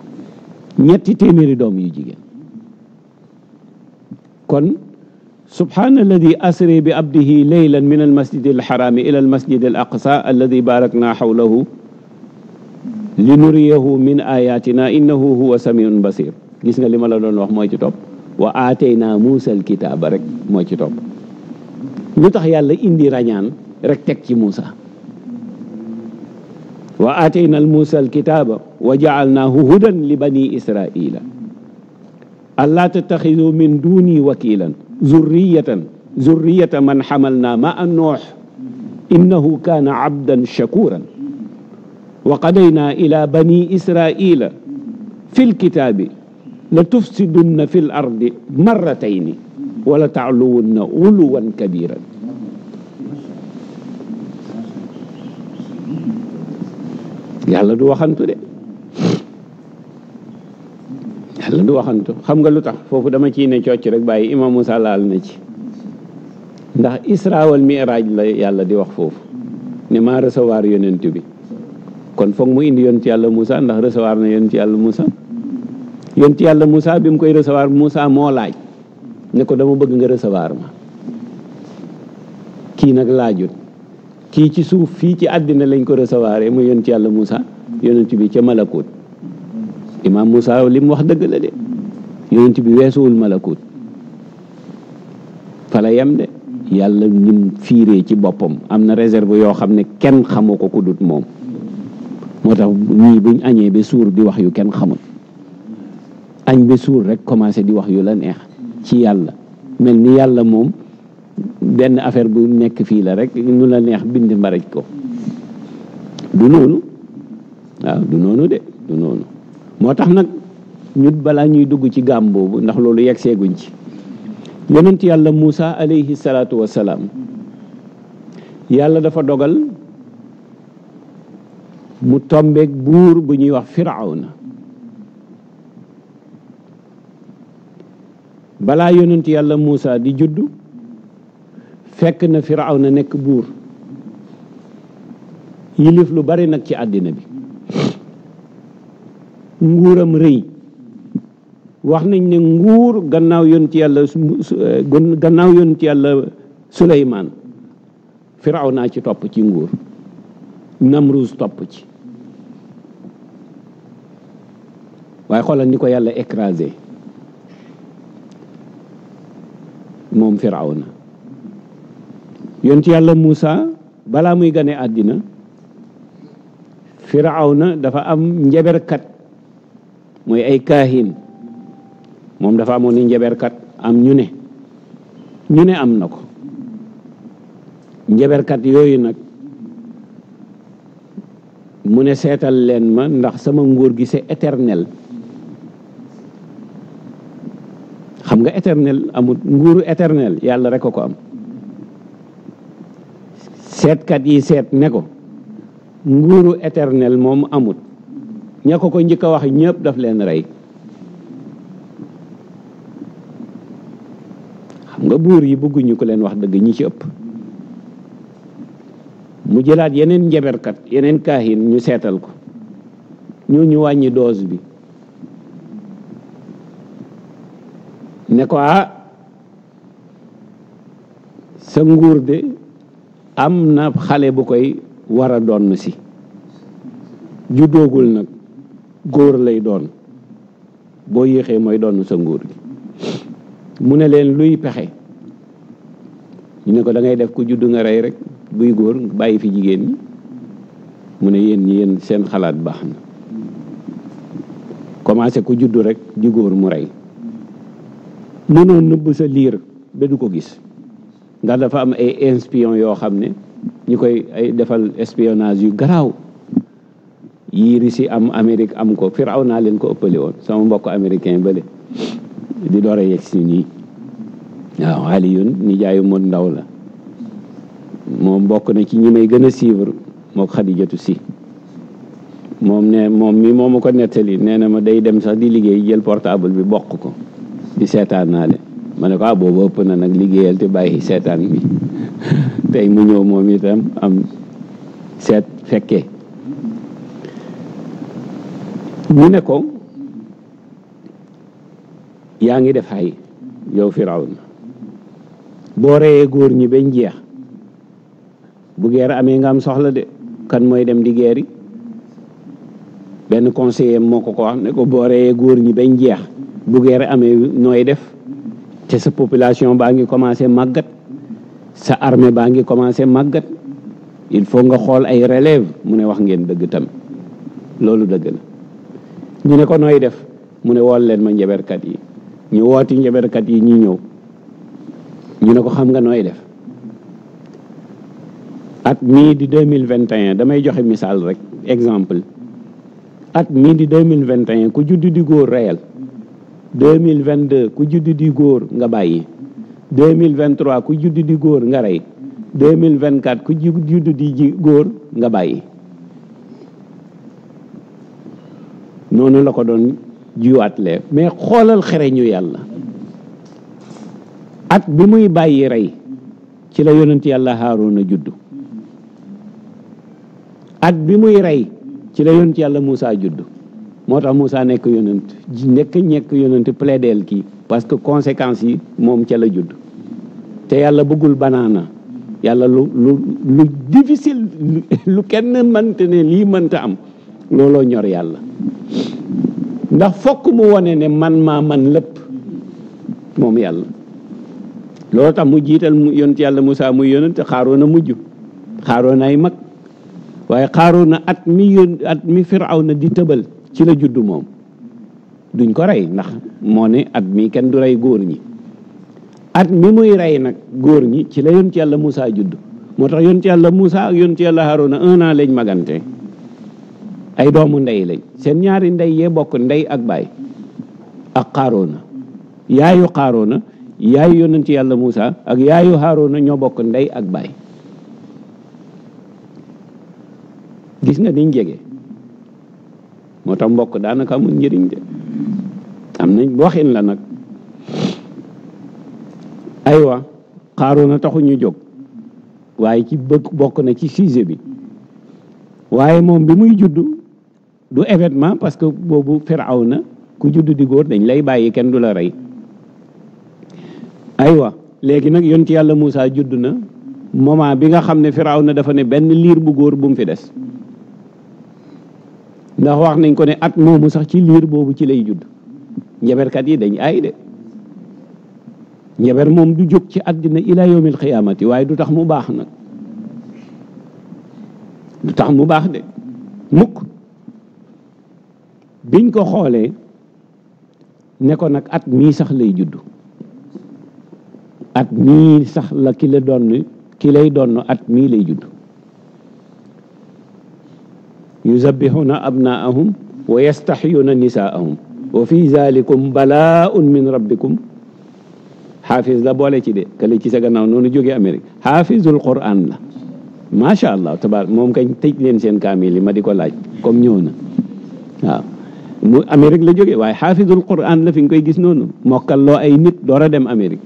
ñetti téeméeri doom yu jigéen kon subhaana alladi asri bi abdihi leylan min almasjid alxaraami ila almasjid al aqsa alladi barakna xawlahu li nuriyahu min ayatina innahu huwa samiun basir gis nga li ma la doon wax mooy ci topp wa aatayna muusa alkitaaba rek mooy ci topp lu tax yàlla indi rañaan rek teg ci muusa wa aatayna al muusa alkitaaba wa jaalnaahu hudan li bani israila allaa tattaxidu min duuni wakiilan zurriyatan zurriyata man xamal naa ma a noox innahu kaana abdan shakuran wa qadaynaa ila bani israila fi lkitaabi la tufsidunna fi l ardi marratayni wala taaluwunna uluwan kabiran yàlla du waxantu de yàlla du waxantu xam nga lu tax foofu dama ciy ne cocc rek bàyyi imam Moussa laal na ci ndax isra wal mi'raj la yàlla di wax foofu ne maa recevoir yonent bi kon foog mu indi ci yàlla Moussa ndax recevoir na yonent yàlla Moussa ci yàlla Moussa bi mu koy recevoir Moussa moo laaj ne ko dama bëgg nga recevoir ma kii nag laajut kii ci suuf fii ci àddina lañ ko recevoir mu yonent yàlla Moussa yonent bi ca malakut imaam Moussa li mu wax dëgg la de yonent bi weesuwul fala yem de yàlla ñim ci boppam am na réserve yoo xam ne kenn xamu ko ku dut moom moo tax ñii buñ añee ba suur di wax yu kenn xamul añ ba suur rek commencé di wax yu la neex ci yàlla mel ni yàlla moom benn affaire bu nekk fii la rek nu la neex bind mbaraj ko du noonu waaw du noonu de du noonu moo tax nag ñu balaa ñuy dugg ci gaam boobu ndax loolu yegg seeguñ ci yonent yàlla Muusa alayhi salaatu wa yàlla dafa dogal mu tombeeg buur bu ñuy wax firawna balaa yonent yàlla Muusa di juddu fekk na firawna nekk buur yilif lu bari nag ci àddina bi nguuram rëy wax nañ ne nguur gannaaw yonent yàlla gannaaw yonent Suleymaan firawna ci topp ci nguur Namruus topp ci waaye xoolal ni ko yàlla écrasé moom firawna ci yàlla Moussa balaa muy gane àddina firawna dafa am njaberkat mooy ay kaahin moom dafa amoon i njaberkat am ñu ne ñu ne am na ko njaberkat yooyu nag mu ne seetal leen ma ndax sama nguur gi c'est éternel xam nga éternel amul nguuru éternel yàlla rek a ko am seetkat yi seet ne ko nguuru éternel moom amut ña ko ko njëkk a wax ñëpp daf leen rey xam nga buur yi bëgguñu ko leen wax dëgg ñi ci ëpp mu jëlaat yeneen njaberkat yeneen kaahin ñu seetal ko ñoo ñu wàññi doos bi ne ko ah sa nguur de am na xale bu koy war a doon si ju nag góor lay doon boo yéexee mooy doon sa nguur gi mu ne leen luy pexe ñu ne ko dangay def ku juddu nga rey rek buy góor bàyyi fi jigéen ñi mu ne yéen ñi yéen seen xalaat baax na commencé ku juddu rek ju góor mu rey mënoo nëbb sa liir ba du ko gis ndax dafa am ay espion yoo xam ne ñu koy ay defal espionnage yu garaaw yii si am Amérique am ko firaw naa leen ko ëppale woon sama mbokk américain bële di door a yegg si nii waaw Alioune nijaayu Mod Ndaw la moom bokk na ci ñi may gën a suivre moo jotu si moom ne moom mi moo ma ko nettali nee na ma day dem sax di liggéey jël portable bi bokk ko di seetaan naa leen ma ne ko ah boobu ëpp na nag liggéeyal te bàyyi seetaan bi tey mu ñëw moom itam am seet fekkee mu ne ko yaa ngi def xay yow firawna boo reyee góor ñi bañ jeex bu geer amee nga am soxla de kan mooy dem di geeri benn conseiller moo ko ko wax ne ko boo góor ñi bañ jeex bu guerre amee nooy def te sa population baa ngi commencé màggat sa armée baa ngi commencé màggat il faut nga xool ay relève mu ne wax ngeen dëgg tam loolu dëgg la ñu ne ko nooy def mu ne wool leen ma njaberkat yi ñu wooti njeberkat yi ñu ñëw ñu ne ko xam nga nooy def at mii di deux mille vingt et damay joxe misaal rek exemple at mii di deux mille vingt et un ku judd di góor reyal deux mille vingt deux ku juddu di góor nga bàyyi deux mille vingt trois ku juddu di góor nga rey deux mille vingt quatre ku juddu di ji góor nga bàyyi noonu la ko doon jiwaatlee mais xoolal xereñu yàlla at bi muy bàyyi rey ci la ci yàlla Haaruna juddu at bi muy rey ci la yonent yàlla Muusa juddu moo tax Moussa nekk yonent nekk ñekk yonent plaideel kii parce que conséquences yi moom ca la judd te yàlla bëggul banaana yàlla lu lu lu lu kenn mënte ne lii mënta am looloo ñor yàlla ndax fokk mu wone ne man maa man lépp moom yàlla loolu tax mu jiital mu yonent yàlla Moussa muy yonent xaaroon a mujj xaaroon ay mag waaye xaaroon na at mi yon at mi firaw na di tëbal ci la juddu moom duñ ko rey ndax moo ne at mi kenn du rey góor ñi at mi muy rey nag góor ñi ci la yonent yàlla Moussa judd moo tax yonent ci Moussa ak yonent yàlla Haruna un an lañ magante ay doomu ndey lañ seen ñaari ndey yee bokk ndey ak baay ak Xaaroona yaayu Xaaroona yaayu ci yàlla Moussa ak yaayu Haruna ñoo bokk ndey ak baay gis nga niñ jege moo tax mbokk daanaka amul njëriñ de am nañ waxin la nag aywa xaaroona taxu ñu jóg waaye ci bëgg bokk na ci sujet bi waaye moom bi muy judd du événement parce que boobu Firawna ku judd di góor dañ lay bàyyi kenn du la rey aywa léegi nag yoon ci yàlla Moussa judd na moment bi nga xam ne Firawna dafa ne benn liir bu góor bu mu fi des ndax wax nañ ko ne at moomu sax ci liir boobu ci lay judd njaberkat yi dañ ay de njaber moom du jóg ci àddina ila yawmil xiyaamati waaye du tax mu baax nag du tax mu baax de mukk biñ ko xoolee ne ko nag at mii sax lay judd at mii sax la ki doon donn ki lay donn at mii lay judd yusabbihuna abnaahum wa yastaxiyuna nisaahum wa fi zalikum balaaun min rabbikum xaafis la boole ci de kële ci sa gannaaw noonu jógee Amérique xaafisul Qur'an la macha allah tabaar moom kañ tëj leen seen kaamil yi ma di ko laaj comme ñëw na waaw mu la jógee waaye xaafisul Qur'an la fi nga koy gis noonu mokkal loo ay nit door dem Amérique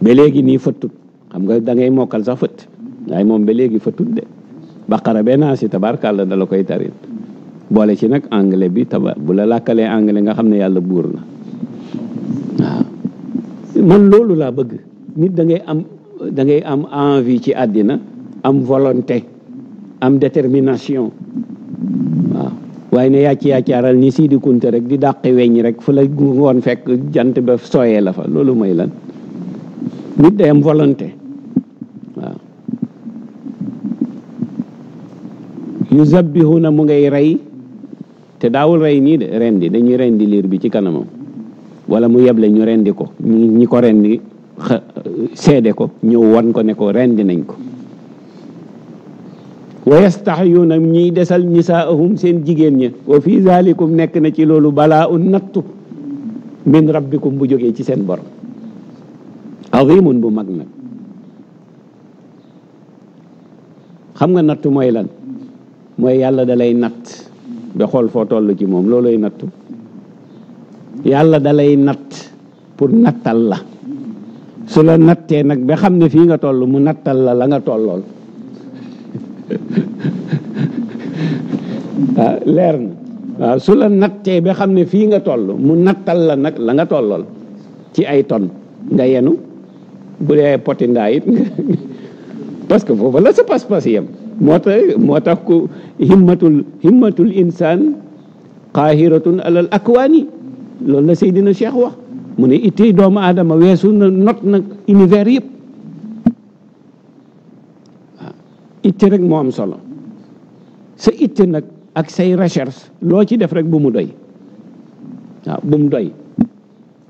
ba léegi nii fëttut xam nga da mokkal sax fëtt waaye moom ba léegi fëttut baqara benn asi tabarkàlla dala koy tarit boole ci nag anglais bi tabar bu la làkkalee anglais nga xam ne yàlla buur na waaw man loolu laa bëgg nit da ngay am dangay am envi ci àddina am volonté am détermination waaw waaye ne yàcc yàccaaral ni sii di kunte rek di dàqi weñ rek fu la ngoon fekk jant ba sooyee la fa loolu mooy lan nit day am volonté yuzabbihuna mu ngay rey te daawul rey nii de rendi dañuy rendi liir bi ci kanamam wala mu yeble ñu rendi ko ñi ko rendi seede ko ñëw won ko ne ko rendi nañ ko wa yastahyuuna ñuy desal nisaahum seen jigéen ña wa fi zalikum nekk na ci loolu balaa un nattu min rabbikum bu jógee ci seen bor azimun bu mag nag xam nga nattu mooy lan mooy yàlla da lay natt ba xool foo toll ci moom loolooy nattu yàlla dalay natt pour nattal la su la nattee nag ba xam ne fii nga toll mu nattal la la nga tollool ah, leer na ah, nattee ba xam ne fii nga toll mu nattal la nag la nga tollool ci ay ton nga yenu bu dee poti ndaa it parce que foofu la sa pas-pas yem moo tax moo tax ku himmatul himmatul insaan qaahiratun alal akwaani loolu la Seydina Cheikh wax mu ne ittey doomu aadama weesu na not nag univers yëpp waaw itte rek moo am solo sa itte nag ak say recherche loo ci def rek bu mu doy waaw bu mu doy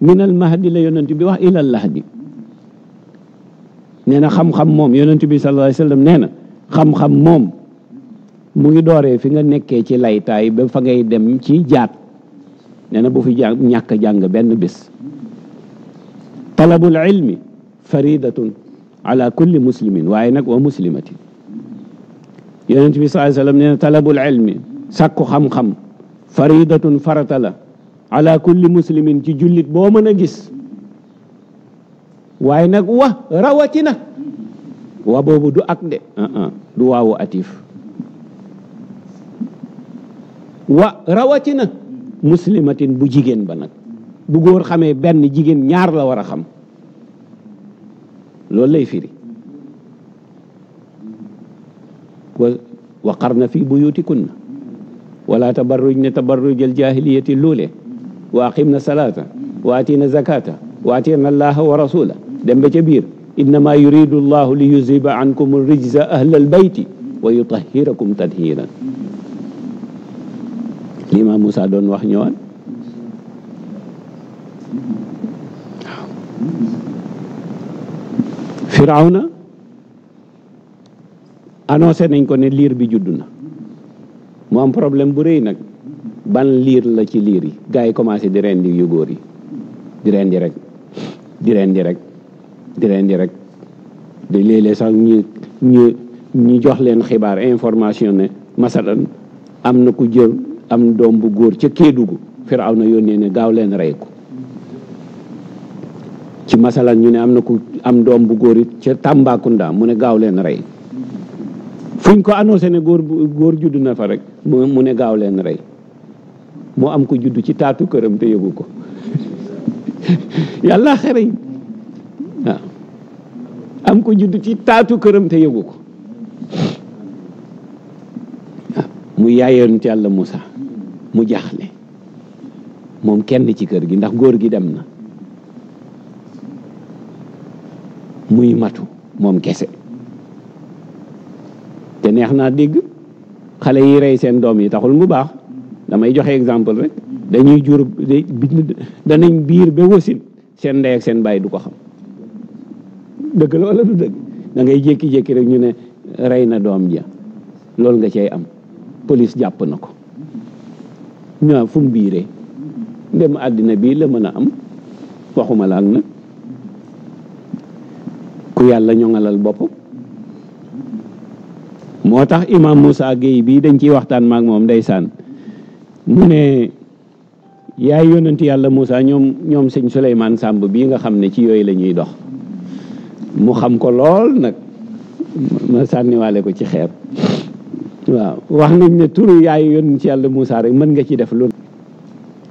minal mahdi la yonent bi wax ilal lahdi nee na xam-xam moom yonent bi sallallahu nee na xam-xam moom mu ngi dooree fi nga nekkee ci laytaay ba fa ngay dem ci jaat nee na bu fi ñàkk jàng benn bis talabul ilmi faridatun ala kulli muslimin waaye nag wa muslimatin yonent bi saai sallam nee na talabul ilmi sàkku xam-xam faridatun farata ala kulli muslimin ci jullit boo mën a gis waaye nag wa rawatina wa boobu du ak de uh-uh. du waawu atif wa rawatina muslimatin bu jigéen ba nag bu góor xamee benn jigéen ñaar la war a xam loolu lay firi wa qarna fi buyutikunna wala tabarrujna tabarruj aljaahiliyati luule wa aqimna salata wa atina zakata wa atina allaha wa rasula dem ba ca biir innama yuridu llahu li yuziba ankum rijza ahla albayti wa yutahhirakum tathiran li ma doon wax ñëwaan Firawna annoncé nañ ko ne liir bi judd na mu am problème bu rëy nag ban liir la ci liir yi gars yi commencé di yu góor yi di rendi rek di rendi rek di leen di rek di léeg-léeg sax ñu ñu ñu jox leen xibaar information ne masalan am na ku jël am doom bu góor ca Kédougou firaw na yónnee ne gaaw leen rey ko ci masalan ñu ne am na ku am doom bu góor ca Tambacounda mu ne gaaw leen rey fu ñu ko annoncé ne góor góor judd na fa rek mu ne gaaw leen rey moo am ko judd ci taatu këram te yëgu ko yàlla xereñ am ko judd ci taatu këram te yëgu ko mu yaayoon ci yàlla Moussa mu jaaxle moom kenn ci kër gi ndax góor gi dem na muy matu moom kese te neex naa dégg xale yi rey seen doom yi taxul mu baax damay joxe exemple rek dañuy jur danañ biir ba wasin seen ndey ak seen bàyyi du ko xam dëgg la du dëgg da jékki-jékki rek ñu ne rey na doom ja loolu nga cay am police jàpp na ko ñaa fu mu biiree dem àddina bii la mën a am waxuma la ak nag ku yàlla ñoŋalal bopp moo tax imam Moussa Gueye bii dañ ciy waxtaan maak moom ndeysaan mu ne yaay yonent yàlla Moussa ñoom ñoom sëñ Souleymane Samb bii nga xam ne ci yooyu la ñuy dox mu xam ko lool nag ma sànniwaale ko ci xeer waaw wax nañ ne turu yaayu yoon ci yàlla Moussa rek mën nga ci def lu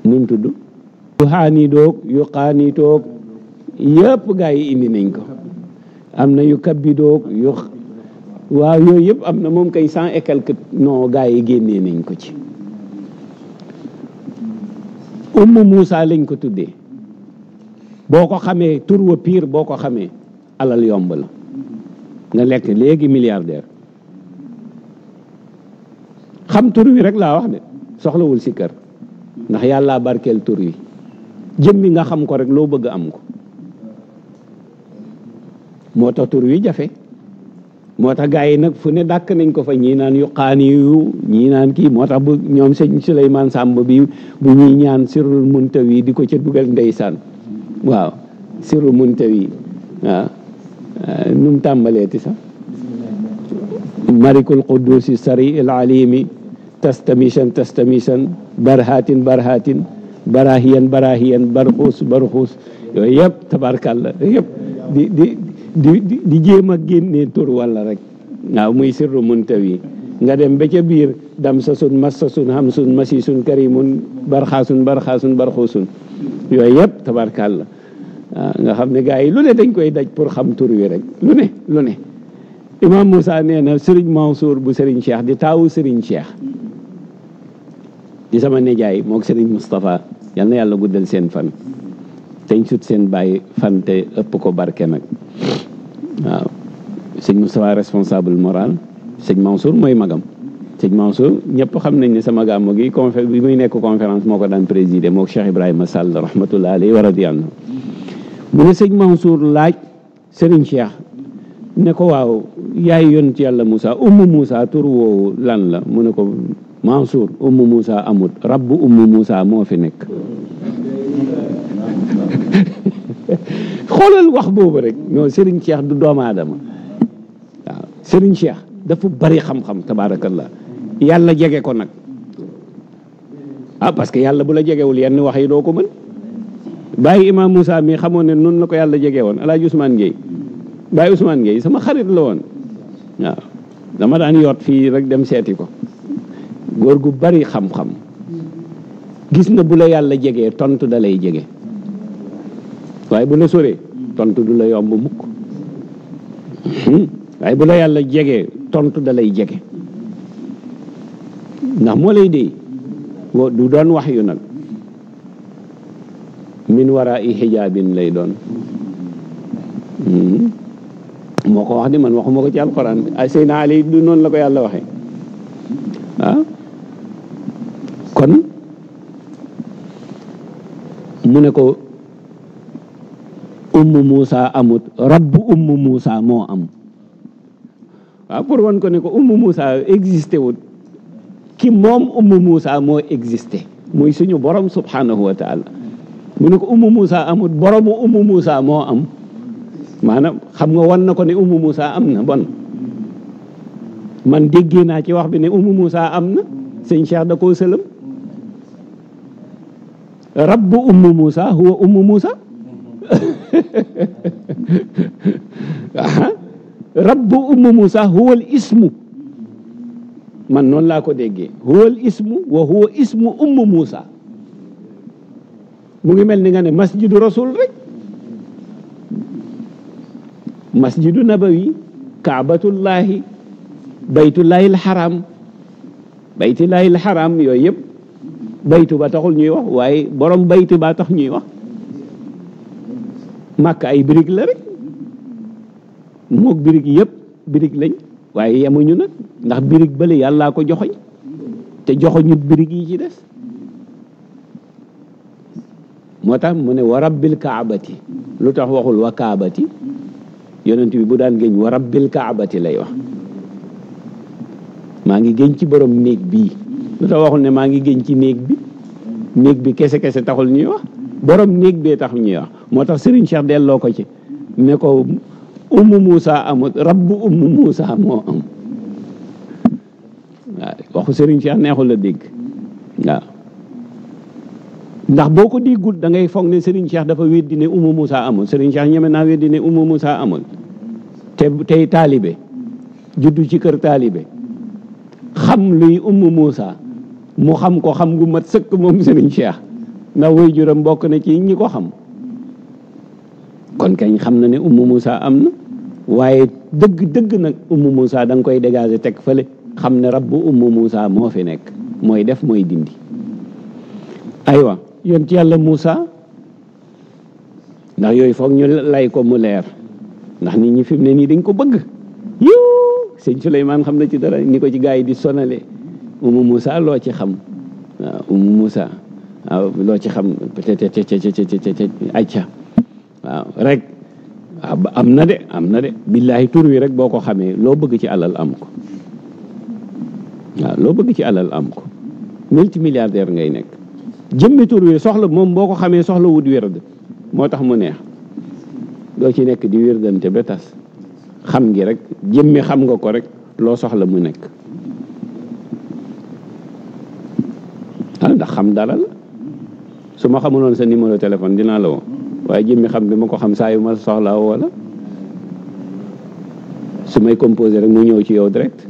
num tudd yu xaanii doog yu gaa yi indi nañ ko am na yu kabbi doog yu waaw yooyu yëpp am na moom kay cent et quelque non gaa yi génnee nañ ko ci umm Moussa lañ ko tuddee boo ko xamee tur wa pire boo ko xamee alal yomb la nga lekk léegi milliardaire xam tur wi rek laa wax de soxlawul si kër ndax yàlla barkeel tur wi jëmmi nga xam ko rek loo bëgg am ko moo tax tur wi jafe moo tax gars yi nag fu ne dàkk nañ ko fa ñii naan yu xaani yu ñii naan kii moo tax bu ñoom sëñ Souleymane Samb bi bu ñuy ñaan sirul muntawi di ko ca dugal ndeysaan waaw sirul muntawi waaw nu mu tàmbaleeti sax malikul qudusi sari il alimi tastamishan tastamishan barhatin barhatin barahiyan barahiyan barxuus barxuus yooyu yëpp tabarkàlla yëpp di di di di jéem a génne tur walla rek waaw muy sirru muntawi nga dem ba ca biir dam sa sun mas sa sun xam sun masi sun karimun barxaasun barxaasun barxuusun yooyu yëpp tabarkàlla nga xam ne gars yi lu dañ koy daj pour xam tur wi rek lu ne lu ne imam Moussa nee na Serigne Mansour bu Serigne Cheikh di taawu Serigne Cheikh di sama nijaay moog Serigne Moustapha yal na yàlla guddal seen fan teñ sut seen bàyyi fan te ëpp ko barke nag waaw sëñ Moustapha responsable moral sëñ Mansour mooy magam sëñ Mansour ñëpp xam nañ ne sama gàmmu gi confé bi muy nekk conférence moo ko daan présider moog Cheikh a Sall rahmatullah alayhi wa radiya anhu mu ne sëñ Mansour laaj sëriñ Cheikh ne ko waaw yaay yoon ci yàlla Moussa ummu Moussa tur woowu lan la mu ne ko Mansour ummu Moussa amut rabbu ummu Moussa moo fi nekk xoolal wax boobu rek non sëriñ Cheikh du doomu aadama sëriñ Cheikh dafa bari xam-xam tabaarakallah yàlla jege ko nag ah parce que yàlla bu la jegewul yenn wax yi doo ko mën bàyyi imam Moussa mi xamoo ne noonu la ko yàlla jege woon alaaji Ousmane Gueye bàyyi Ousmane Gueye sama xarit la woon dama daan yoot fii rek dem seeti ko góor gu bari xam-xam gis na bu la yàlla jegee tontu da jege waaye bu la soree tontu du la yomb hmm? yàlla jegee tontu da jege ndax moo lay dee du doon wax yu nag min wara i xijaabin lay doon hmm. moo ko wax de man waxuma ko ci alxuraan ay Seydina Ali noonu la ko yàlla waxe ah kon mu ne ko om Muusa amut rabbu ummu Muusa moo am waaw ah, pour wan ko ne ko ummu Muusa existé wut ki moom ummu Muusa moo existé muy suñu borom subhanahu wa taala mu ne ko ummu Moussa amut boromu ummu muusa moo am maanaam xam nga wan na ko ne ummu Moussa am na bon man déggee naa ci wax bi ne ummu Moussa am na sëñ Cheikh da koo sëlëm rabbu ummu Moussa huwa ummu Moussa rabbu ummu Moussa huwa ismu man noonu laa ko déggee huwa ismu wa huwa ismu ummu Moussa mu ngi mel ni nga ne masjidu rasul rek masjidu nabawi kaabatullahi baytullahi alxaram baytullahi alxaram yooyu yëpp baytu ba taxul ñuy wax waaye borom baytu ba tax ñuy wax màkk ay birig la rek mook birig yëpp birig lañ waaye yemuñu nag ndax birig bële yàllaa ko joxoñ te joxoñut birig yi ci des moo tax mu ne wa rabbil kaabati lu tax waxul wa kaabati yonent bi bu daan géñ wa rabbil kaabati lay wax maa ngi géñ ci borom néeg bii lu tax waxul ne maa ngi géñ ci néeg bi néeg bi kese kese taxul ñuy wax borom néeg bee tax ñuy wax moo tax Serigne Cheikh delloo ko ci ne ko ummu Moussa amut rabbu ummu Moussa moo am waaw waxu Serigne Cheikh neexul a dégg ndax boo ko déggul da ngay foog ne Serigne Cheikh dafa weddi ne Umu Moussa amul Serigne Cheikh ñeme naa weddi ne Umu Moussa amul te tey taalibe juddu ci kër taalibe xam luy Umu Moussa mu xam ko xam gu mat sëkk moom Serigne Cheikh ndax way juram mbokk na ci ñi ko xam kon kañ xam na ne Umu Moussa am na waaye dëgg dëgg nag Umu Moussa da nga koy dégager teg fële xam ne rabbu Umu Moussa moo fi nekk mooy def mooy dindi aywa yoon yonent yàlla Moussa ndax yooyu foog ñu lay ko mu leer ndax nit ñi fi mu ne nii dañ ko bëgg yiw sëñ Souleymane xam na ci dara ni ko ci gaa yi di sonale umu muusa loo ci xam waaw loo ci xam peut-être acca waaw rek am na de am na de billaahi tur wi rek boo ko xamee loo bëgg ci alal am ko waaw loo bëgg ci alal am ko multimilliardaire ngay nekk jëmmi tur wi soxla moom boo ko xamee soxla wut wérd moo tax mu neex loo ci nekk di wérdante ba tas xam ngi rek jëmmi xam nga ko rek loo soxla mu nekk ah ndax xam dara la su ma xamuloon sa numéro téléphone dinaa la woo waaye jëmmi xam bi ma ko xam saa yu ma soxla woo la su may composé rek mu ñëw ci yow direct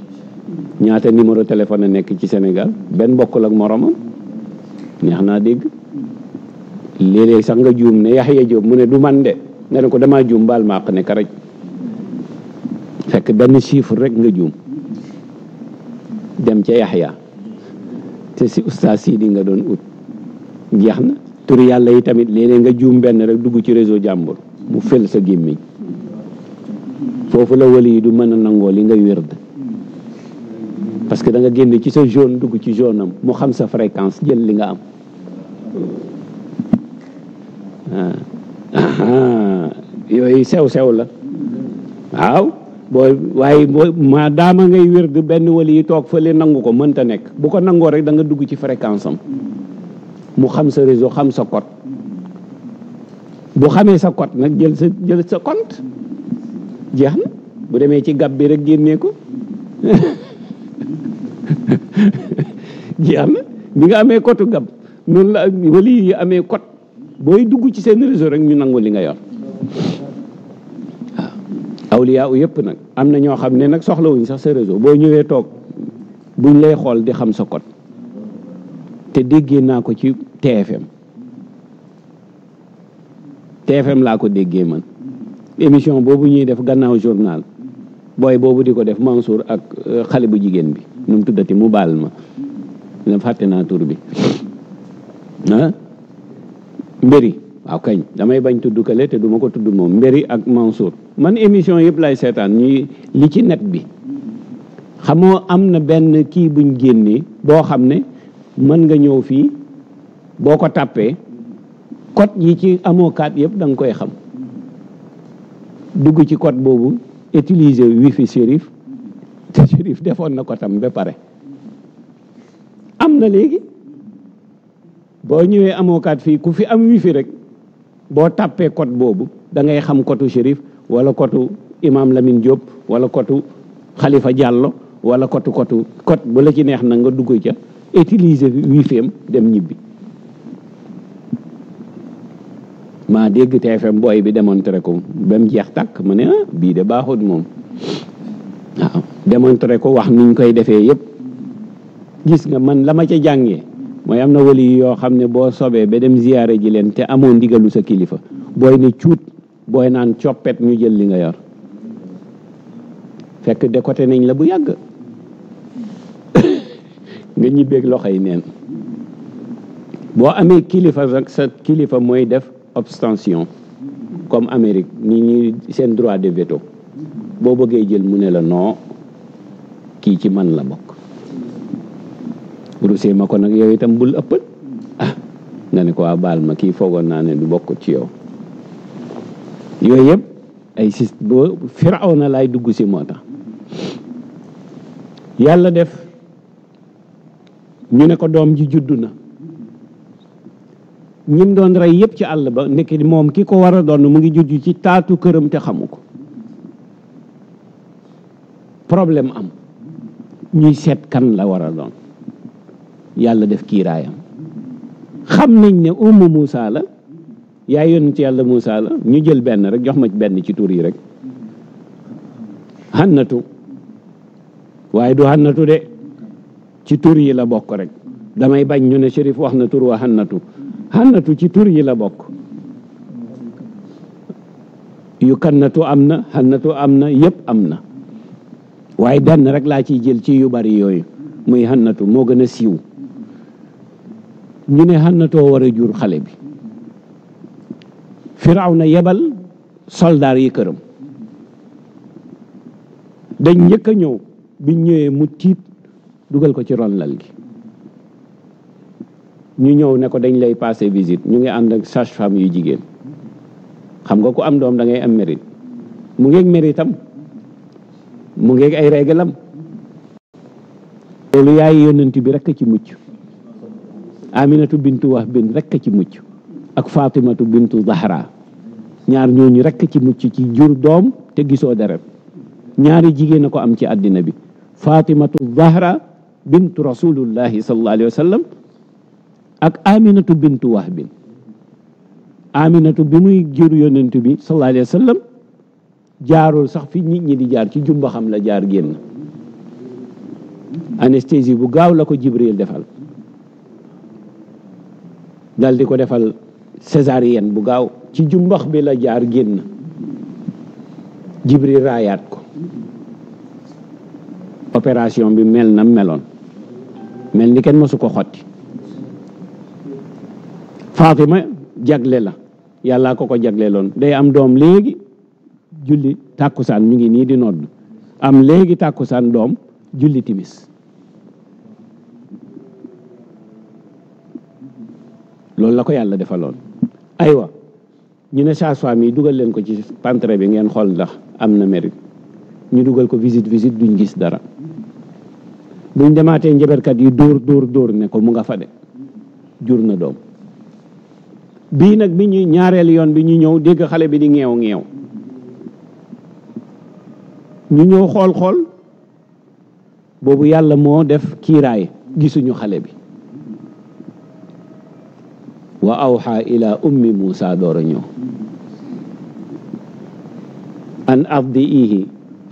ñaata numéro téléphone a nekk ci senegal benn bokkul ak moromam neex naa dégg léeg sax nga juum ne yaxya jóob mu ne du man de nga ne ko damaa juum baal ma àq ne karaj fekk benn chiffre rek nga juum dem ca yaxya te si oustaz sii di nga doon ut jeex na tur yàlla yi tamit léeg nga juum benn rek dugg ci réseau jàmbur mu fel sa gémmiñ foofu la wali yi du mën a nangoo li nga wérd parce que da nga génn ci sa jaune dugg ci jaune am mu xam sa fréquence jël li nga am ah. yooyu sew-sew la waaw boo waaye ma daama ngay wér gu benn wali yi toog fële nangu ko mënta nekk bu ko nangoo rek danga dugg ci fréquence am mu xam sa réseau xam sa code bu xamee sa code nag jël sa jël sa compte jeex na bu demee ci gab bi rek génnee ko jeex na bi nga amee kotu gab noonu la wali yi amee kot booy dugg ci seen réseau rek ñu nangu li nga yor waaw awliyaa yëpp nag am na ñoo xam ne nag soxlawuñ sax sa réseau boo ñëwee toog buñ lay xool di xam sa kot te déggee naa ko ci TFM TFM laa ko déggee man émission boobu ñuy def gannaaw journal booy boobu di ko def Mansour ak euh, xale bu jigéen bi nu mu tuddati mu baal ma na fàtte naa tur bi ah? mbëri mbéri waaw kañ damay bañ tudd kale te du ko tudd moom mbéri ak Mansour man émission yëpp lay seetaan ñuy li ci net bi xamoo am na benn kii buñ génnee boo xam ne mën nga ñëw fii boo ko tàppee code yi ci amoo kaat yëpp da nga koy xam dugg ci code boobu utiliser wifi shérif te Chérif defoon na ko tam ba pare am na léegi boo ñëwee amoo amookaat fii ku fi am wifi rek boo tàppee code boobu da ngay xam kotu Chérif wala kotu Imam Lamine Diop wala kotu xalifa jàllo wala kotu kotu code bu la ci neex na nga dugg ca utiliser wifi am dem ñibbi maa dégg TFM booy bi démontré ko ba jeex takk ma ne ah, bii de baaxut moom waaw démontré ko wax nuñ koy defee yëpp gis nga man la ma ca jàngee mooy am na wali yoo xam ne boo sobee ba dem ziyaare ji leen te amoo ndigalu sa kilifa booy ne cuut booy naan coppet ñu jël li nga yor fekk décoté nañ la bu yàgg nga ñibbeeg loxo neen boo amee kilifa rek sa kilifa mooy def abstention comme Amérique ni ñuy seen droit de veto boo bëggee jël mu ne la noo kii ci man la bokk rusé ma ko nag yow itam bul ëppal ah, nga ne ko waa baal ma kii foogoon naa ne du bokk ci yow yooyu yëpp ay sis boo Firawna laay dugg si moo tax yàlla def ñu ne ko doom ji juddu na ñim doon rey yëpp ci àll ba ndekki moom ki ko war a doon mu ngi juddu ci taatu këram te xamu ko problème am ñuy seet kan la war a doon yàlla def kiiraayam xam nañ ne ummu Moussa la yaay yonent yàlla Moussa la ñu jël benn rek jox ma benn ci tur yi rek xannatu waaye du xannatu de ci tur yi la bokk rek damay bañ ñu ne Chérif wax na tur wa xannatu xannatu ci tur yi la bokk yu kannatu am na xannatu am na yëpp am na waaye benn rek laa ciy jël ci yu bari yooyu muy xannatu moo gën a siiw ñu ne xannatoo war a jur xale bi firaw na yebal soldaar yi këram dañ njëkk a ñëw biñ ñëwee mu tiit dugal ko ci ron lal gi ñu ñëw ne ko dañ lay passer visite ñu ngi ànd ak sage-femme yu jigéen xam nga ku am doom dangay am mérite mu ngeeg mérite mu ngi ay régalam loolu yaay yonent bi rekk ci mucc aminatu bintu wax bin rekk ci mucc ak faatimatu bintu zahra ñaar ñooñu rekk ci mucc ci jur doom te gisoo deret ñaari jigéen ko am ci àddina bi fatimatu zahra bintu rasulullahi sallallahu alayhi wa ak aminatu bintu wax bin aminatu bi muy jur yonent bi sallallahu alayhi jaarul sax fi nit ñi di jaar ci jumba la jaar génn anesthésie bu gaaw la ko Jibril defal dal di ko defal césarienne bu gaaw ci jumbax bi la jaar génn Jibril raayaat ko opération bi mel na meloon mel ni kenn mësu ko xotti Fatima jagle la yàlla ko ko jagle loon day am doom léegi julli tàkkusaan mu ngi nii di nodd am léegi tàkkusaan doom julli timis loolu la ko yàlla defaloon aywa ñu ne sage-femme yi dugal leen ko ci pantre bi ngeen xool ndax am na mérite ñu dugal ko visite visite duñ gis dara buñ demaatee njaberkat yi dóor dóor dóor ne ko mu nga fa de jur na doom bii nag bi ñuy ñaareel yoon bi ñu ñëw dégg xale bi di ngeew ngeew ñu ñëw xool xool boobu yàlla moo def kiiraay gisuñu xale bi wa awxa ila ummi muusa door a ñëw an afdiihi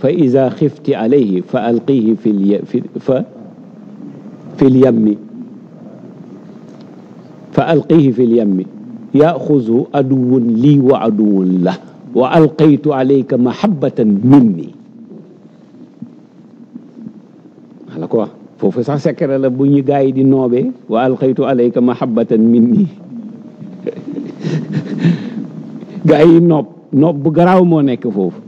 fa ida xifti alayhi fa alqihi fa fi lyammi fa alqihi fi lyammi yaaxuzu aduwun lii wa aduwun la wa alqaytu alayka mahabatan minni ko foofu sax secret la bu ñu gaa yi di noobee wa alxaytu alayka mahabbatan minni gaa yi noob noob bu garaaw moo nekk foofu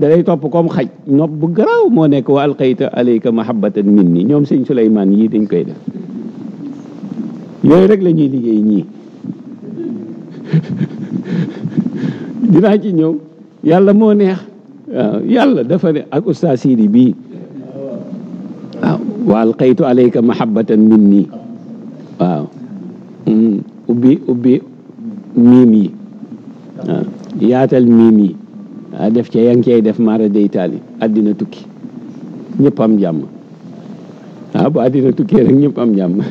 dalay topp comme xaj noob bu garaaw moo nekk wa alxaytu alayka mahabbatan minni ñoom sëñ Souleymane yii dañ koy def yooyu rek la liggéey ñii dinaa ci ñëw yàlla moo neex waaw yàlla dafa ne ak oustaz bii wa alqaytu alayka mahabbatan minni waaw mm, ubbi ubbi miim yi waaw yaatal miim yi waaw def ca yang cey def mara day taali àddina tukki ñëpp am jàmm waaw bu àddina tukkee rek ñëpp am jàmm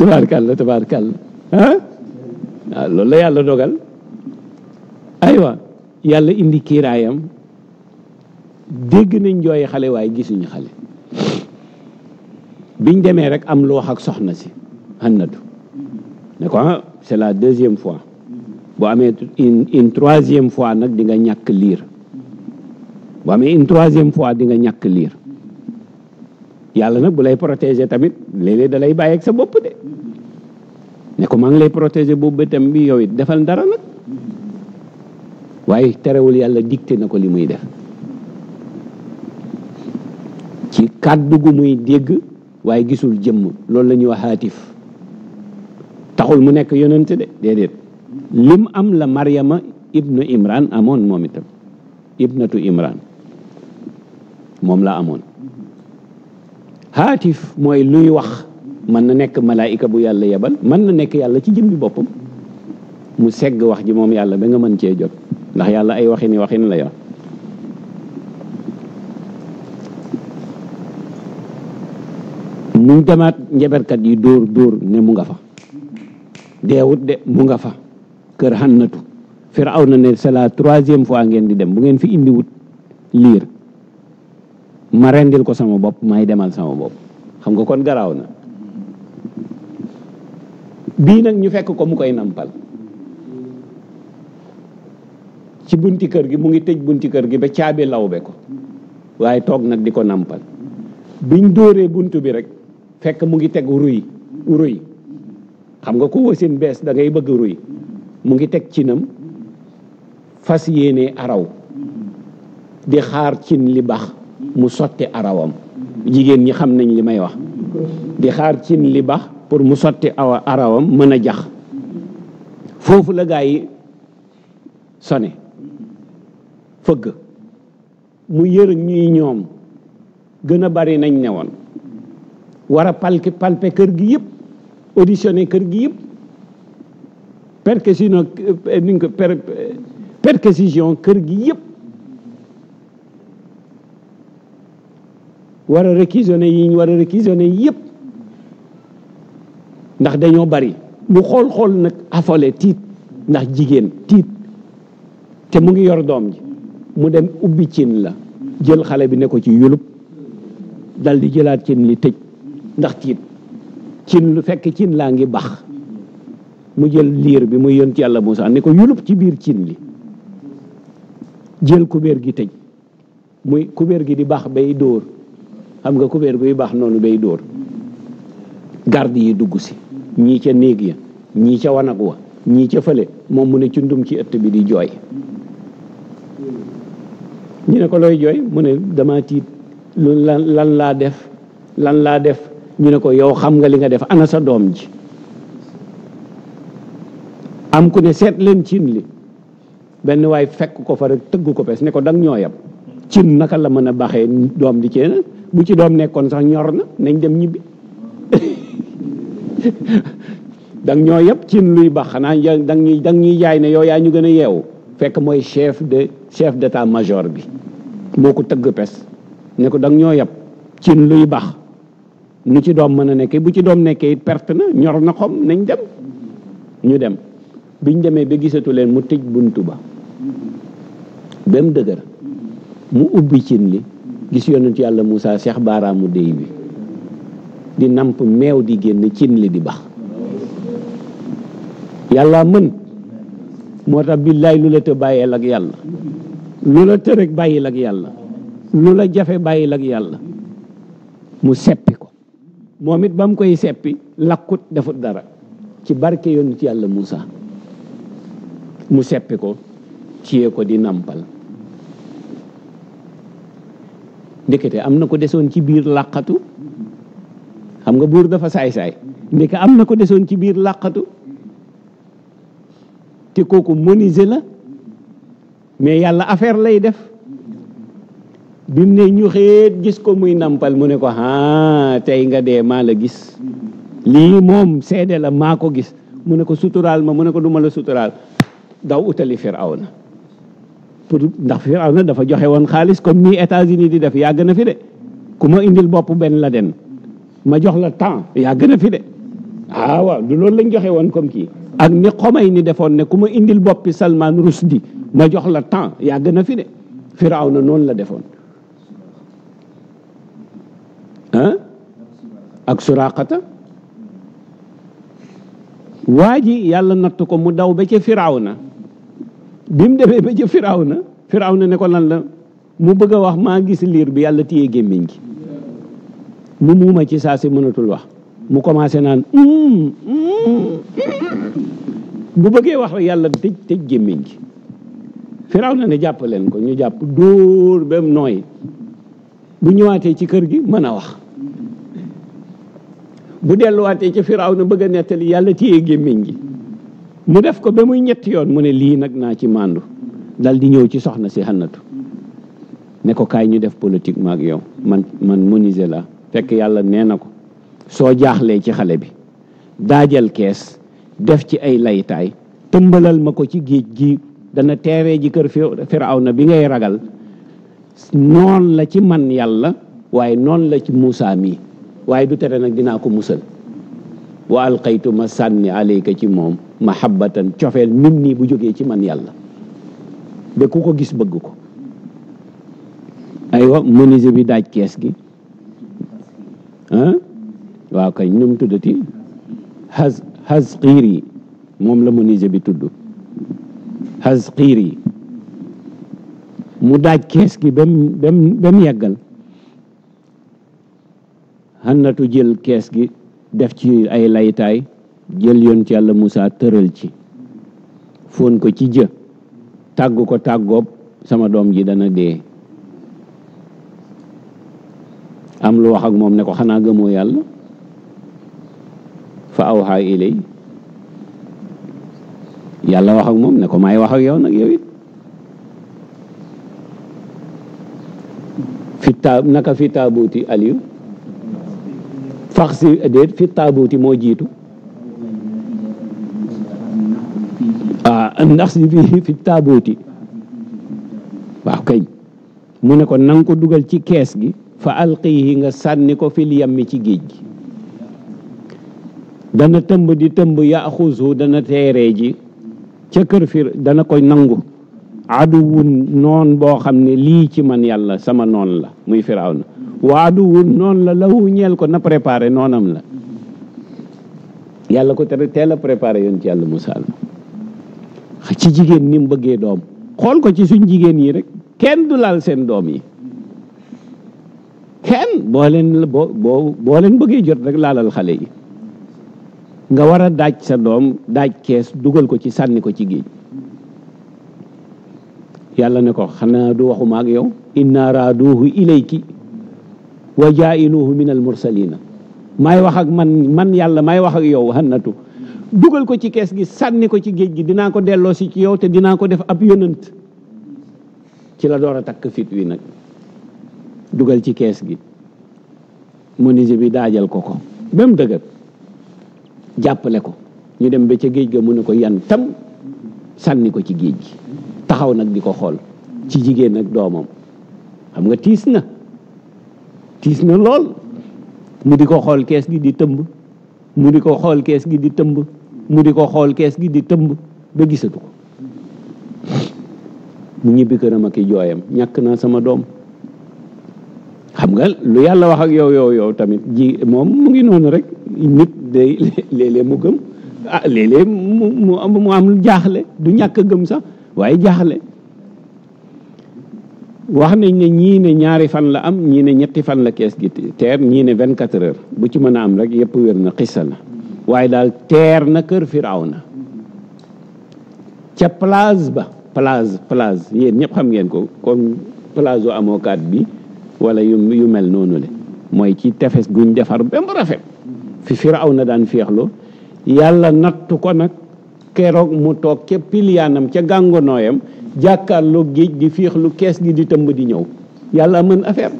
tabaarkàlla tabaarkàlla ah waaw loolu la yàlla dogal aywa yàlla indi kiiraayam dégg nañ jooyi xale waaye gisuñu xale biñ demee rek am lu wax ak soxna si Hannatu ne ko ah c'est la deuxième fois bu amee une troisième fois nag di nga ñàkk liir bu amee troisième fois di nga ñàkk liir yàlla nag bu lay protéger tamit léeg dalay da bàyyi ak sa bopp de ne ko maa ngi lay protéger boobu bëtam bi yow it defal ndara nag waaye terewul yàlla dicté na ko li muy def ci kàddu gu muy dégg waaye gisul jëmm loolu la ñuy wax taxul mu nekk yonente de déedéet lim am la Maryama ibnu Imran amoon moom itam ibnatu Imran moom la amoon haatif mooy luy wax mën na nekk malaayika bu yàlla yebal mën na nekk yàlla ci jëmmi boppam mu segg wax ji moom yàlla ba nga mën cee jot ndax yàlla ay waxini waxin la yor nuñ demaat njaberkat yi dóor dóor ne mu nga fa deewut de mu nga fa kër xannatu firaw na ne c'est la troisième fois ngeen di dem bu ngeen fi indi wut liir ma rendil ko sama bopp may demal sama bopp xam nga kon garaaw na bii nag ñu fekk ko mu koy nampal ci bunti kër gi mu ngi tëj bunti kër gi ba caabi lawbe ko waaye toog nag di ko nampal biñ dóoree bunt bi rek fekk mu ngi teg ruy ruy xam nga ko wasin bees dangay bëgg ruy mu ngi teg cinam fas yéene araw di xaar cin li bax mu sotti arawam jigéen ñi xam nañ li may wax di xaar cin li bax pour mu sotti awa arawam mën a jax foofu la gaa yi sone fëgg mu yër ñuy ñoom gën a bari nañ ne woon war a palki palpe kër gi yëpp auditionné kër gi yëpp perquisition euh, ni ko perquisition kër gi yëpp war a réquisitionné yi ñu war a réquisitionné yëpp ndax dañoo bari lu xool xool nag affolé tiit ndax jigéen tiit te mu ngi yor doom ji mu dem ubbi cin la jël xale bi ne ko ci yulub dal di jëlaat cin li tëj ndax tiit cin lu fekk cin laa ngi baax mu jël liir bi mu yont yàlla Muusa ne ko yulub ci biir cin li jël kubéer gi tëj muy kubéer gi di baax bay dóor xam nga kubéer guy baax noonu bay dóor garde yi dugg si ñii ca néeg ya ñii ca wanag wa ñii ca fële moom mu ne ci ci ëtt bi di jooy ñu ne ko looy jooy mu ne dama tiit lu lan laa def lan laa def ñu ne ko yow xam nga li nga def ana sa doom ji am ku ne seet leen cin li benn waay fekk ko fa rek tëgg ko pes ne ko dang ñoo yab cin naka la mën a baxee doom di cee bu ci doom nekkoon sax ñor nañ dem ñibbi dang ñoo yab cin luy bax xanaa dang ñuy ñuy jaay ne yow yaa ñu gën a yeewu fekk mooy chef de chef d'état-major bi moo ko tëgg pes ne ko dang ñoo yab cin luy bax nu ci doom mën a nekkee bu ci doom nekkee it perte na ñor na xom nañ dem ñu dem biñ demee ba gisatu leen mu tëj buntu ba ba dëgër mu ubbi cin li gis yonent yàlla Moussa Cheikh baaraamu déy bi di namp meew di génn cin li di bax yàlla mën moo tax billaay lu la të bàyyeel ak yàlla lu la të rek bàyyil ak yàlla lu la jafe bàyyil ak yàlla mu sepp moom it ba mu koy seppi lakkut defut dara ci barke yonent yàlla Muusa mu seppi ko ciyee ko di nàmpal ndekete am na ko desoon ci biir làqatu xam nga buur dafa saay-saay ndeke am na ko desoon ci biir làqatu te kooku monisé la mais yàlla affaire lay def bi mu ne ñu xeet gis ko muy nampal mu ne ko ah tey nga dee maa la gis lii moom seede la maa ko gis mu ne ko suturaal ma mu ne ko duma la suturaal daw utali na pour ndax Firawna dafa joxe woon xaalis comme ni États-Unis di def yàgg na fi de ku ma indil bopp benn la den ma jox la temps yàgg na fi de ah loolu lañ joxe woon comme kii ak ni xomay ni defoon ne ku ma indil boppi Salman Rushdie ma jox la temps yàgg na fi de Firawna noonu la defoon ak suraqata waa ji yàlla natt ko mu daw ba ca na bi mu demee ba na firawna na ne ko lan la mu bëgg a wax maa gis liir bi yàlla téye gémmiñ gi mu muuma ci saa si mënatul wax mu commencé naan bu mm, mm. bëggee wax yàlla tëj tëj gémmiñ gi Firawna ne jàpp leen ko ñu jàpp dóor ba nooy bu ñëwaatee ci kër gi mën a wax bu delluwaatee ci firaaw na bëgg a nettali yàlla téye gémmiñ gi mu def ko ba muy ñetti yoon mu ne lii nag naa ci màndu dal di ñëw ci soxna si xannatu ne ko kaay ñu def politique ma ak yow man man menuisier la fekk yàlla nee na ko soo jaaxlee ci xale bi daajal kees def ci ay laytaay tëmbalal ma ko ci géej gi dana teeree ji kër firaw na bi ngay ragal noon la ci man yàlla waaye noon la ci Muusaa mii waaye du tere nag dinaa ko musal wa alqaytu ma sànni alayka ci moom mahabbatan cofeel min nii bu jógee ci man yàlla ba ku ko gis bëgg ko aywa menuisier bi daaj kees gi ah waaw kay nu moom la menuisier bi tudd has xiir yi mu daaj kees gi ba mu ba yeggal xannatu jël kees gi def ci ay laytaay jël yoon ci yàlla Moussa tëral ci foon ko ci jë tàgg ko tàggoob sama doom ji dana dee am lu wax ak moom ne ko xanaa gëmoo yàlla fa awxa ilay yàlla wax ak moom ne ko maay wax ak yow nag yow fi taa naka fi taabuuti aliyu fax si déet fi taabuuti moo jiitu ah ndax si fi fi taabuuti waaw kañ mu ne ko nanga ko dugal ci kees gi fa yi nga sànni ko fil yammi ci géej gi dana tëmb di tëmb yaxusu dana teeree ji ca kër dana koy nangu aduwun noon boo xam ne lii ci man yàlla sama noon la muy firawna waa waadu wun noonu la lahu ñeel ko na préparé noonam la yàlla ko tere teel a préparé yoon ci yàlla Musaa ci jigéen ni mu bëggee doom xool ko ci suñ jigéen yi rek kenn du laal seen doom yi kenn boo leen bëggee jot rek laalal xale yi nga war a daaj sa doom daaj kees dugal ko ci sànni ko ci géej yàlla ne ko xanaa du waxu maak yow inna raaduhu ilayki wa jaa'iluhu min al mursalina may wax ak man man yàlla may wax ak yow hannatu dugal ko ci kees gi sànni ko ci géej gi dinaa ko delloo si ci yow te dinaa ko def ab yonant ci la door a takk fit wi nag dugal ci kees gi menuisier bi daajal ko ko ba mu jàppale ko ñu dem ba ca géej ga mu ne ko yan tam sànni ko ci géej gi taxaw nag di ko xool ci jigéen ak doomam xam nga tiis na tiis na lool mu di ko xool kees gi di tëmb mu di ko xool kees gi di tëmb mu di ko xool kees gi di tëmb ba gisatu ko mu ñibbi këram ak i jooyam ñàkk naa sama doom xam nga lu yàlla wax ak yow yow yow tamit ji moom mu ngi noonu rek nit day léeg-léeg mu gëm ah léeg-léeg mu mu am jaaxle du ñàkk gëm sax waaye jaaxle wax nañ ne ñiine ñaari fan la am ñii ne ñetti fan la kees gi teer ñii ne 24 heures bu ci mën a am rek yëpp wér na xissa la waaye daal teer na kër na ca place ba place place yéen ñëpp xam ngeen ko comme place amookaat bi wala yu yu mel noonu le mooy ci tefes guñ defar ba mu rafet fi Firawna daan feexloo yàlla nattu ko nag keroog mu toog ca piliyaanam ca gàngonooyam jàkkaarloog géej gi féexlu kees gi di tëmb di ñëw yàlla mën affaire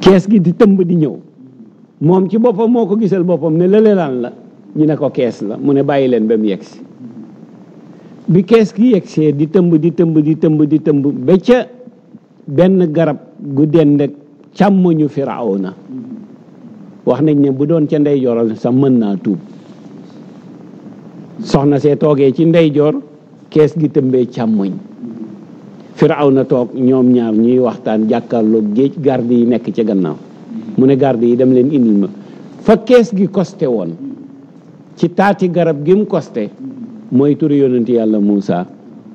kees gi di tëmb di ñëw moom ci boppam moo ko gisal boppam ne lëlelaan la ñu ne ko kees la mu ne bàyyi leen ba mu yegsi bi kees gi yegsee di tëmb di tëmb di tëmb di tëmb ba ca benn garab gu dend ak càmmoñu na wax nañ ne bu doon ca ndey joral sax mën naa tuub soxna see toogee ci ndeyjoor kees gi tëmbee càmmoñ na toog ñoom ñaar ñuy waxtaan jàkkaarloog géej garde yi nekk ci gannaaw mu ne garde yi dem leen indil ma fa kees gi koste woon ci taati garab gim mu koste mooy turi yonent yàlla Muusa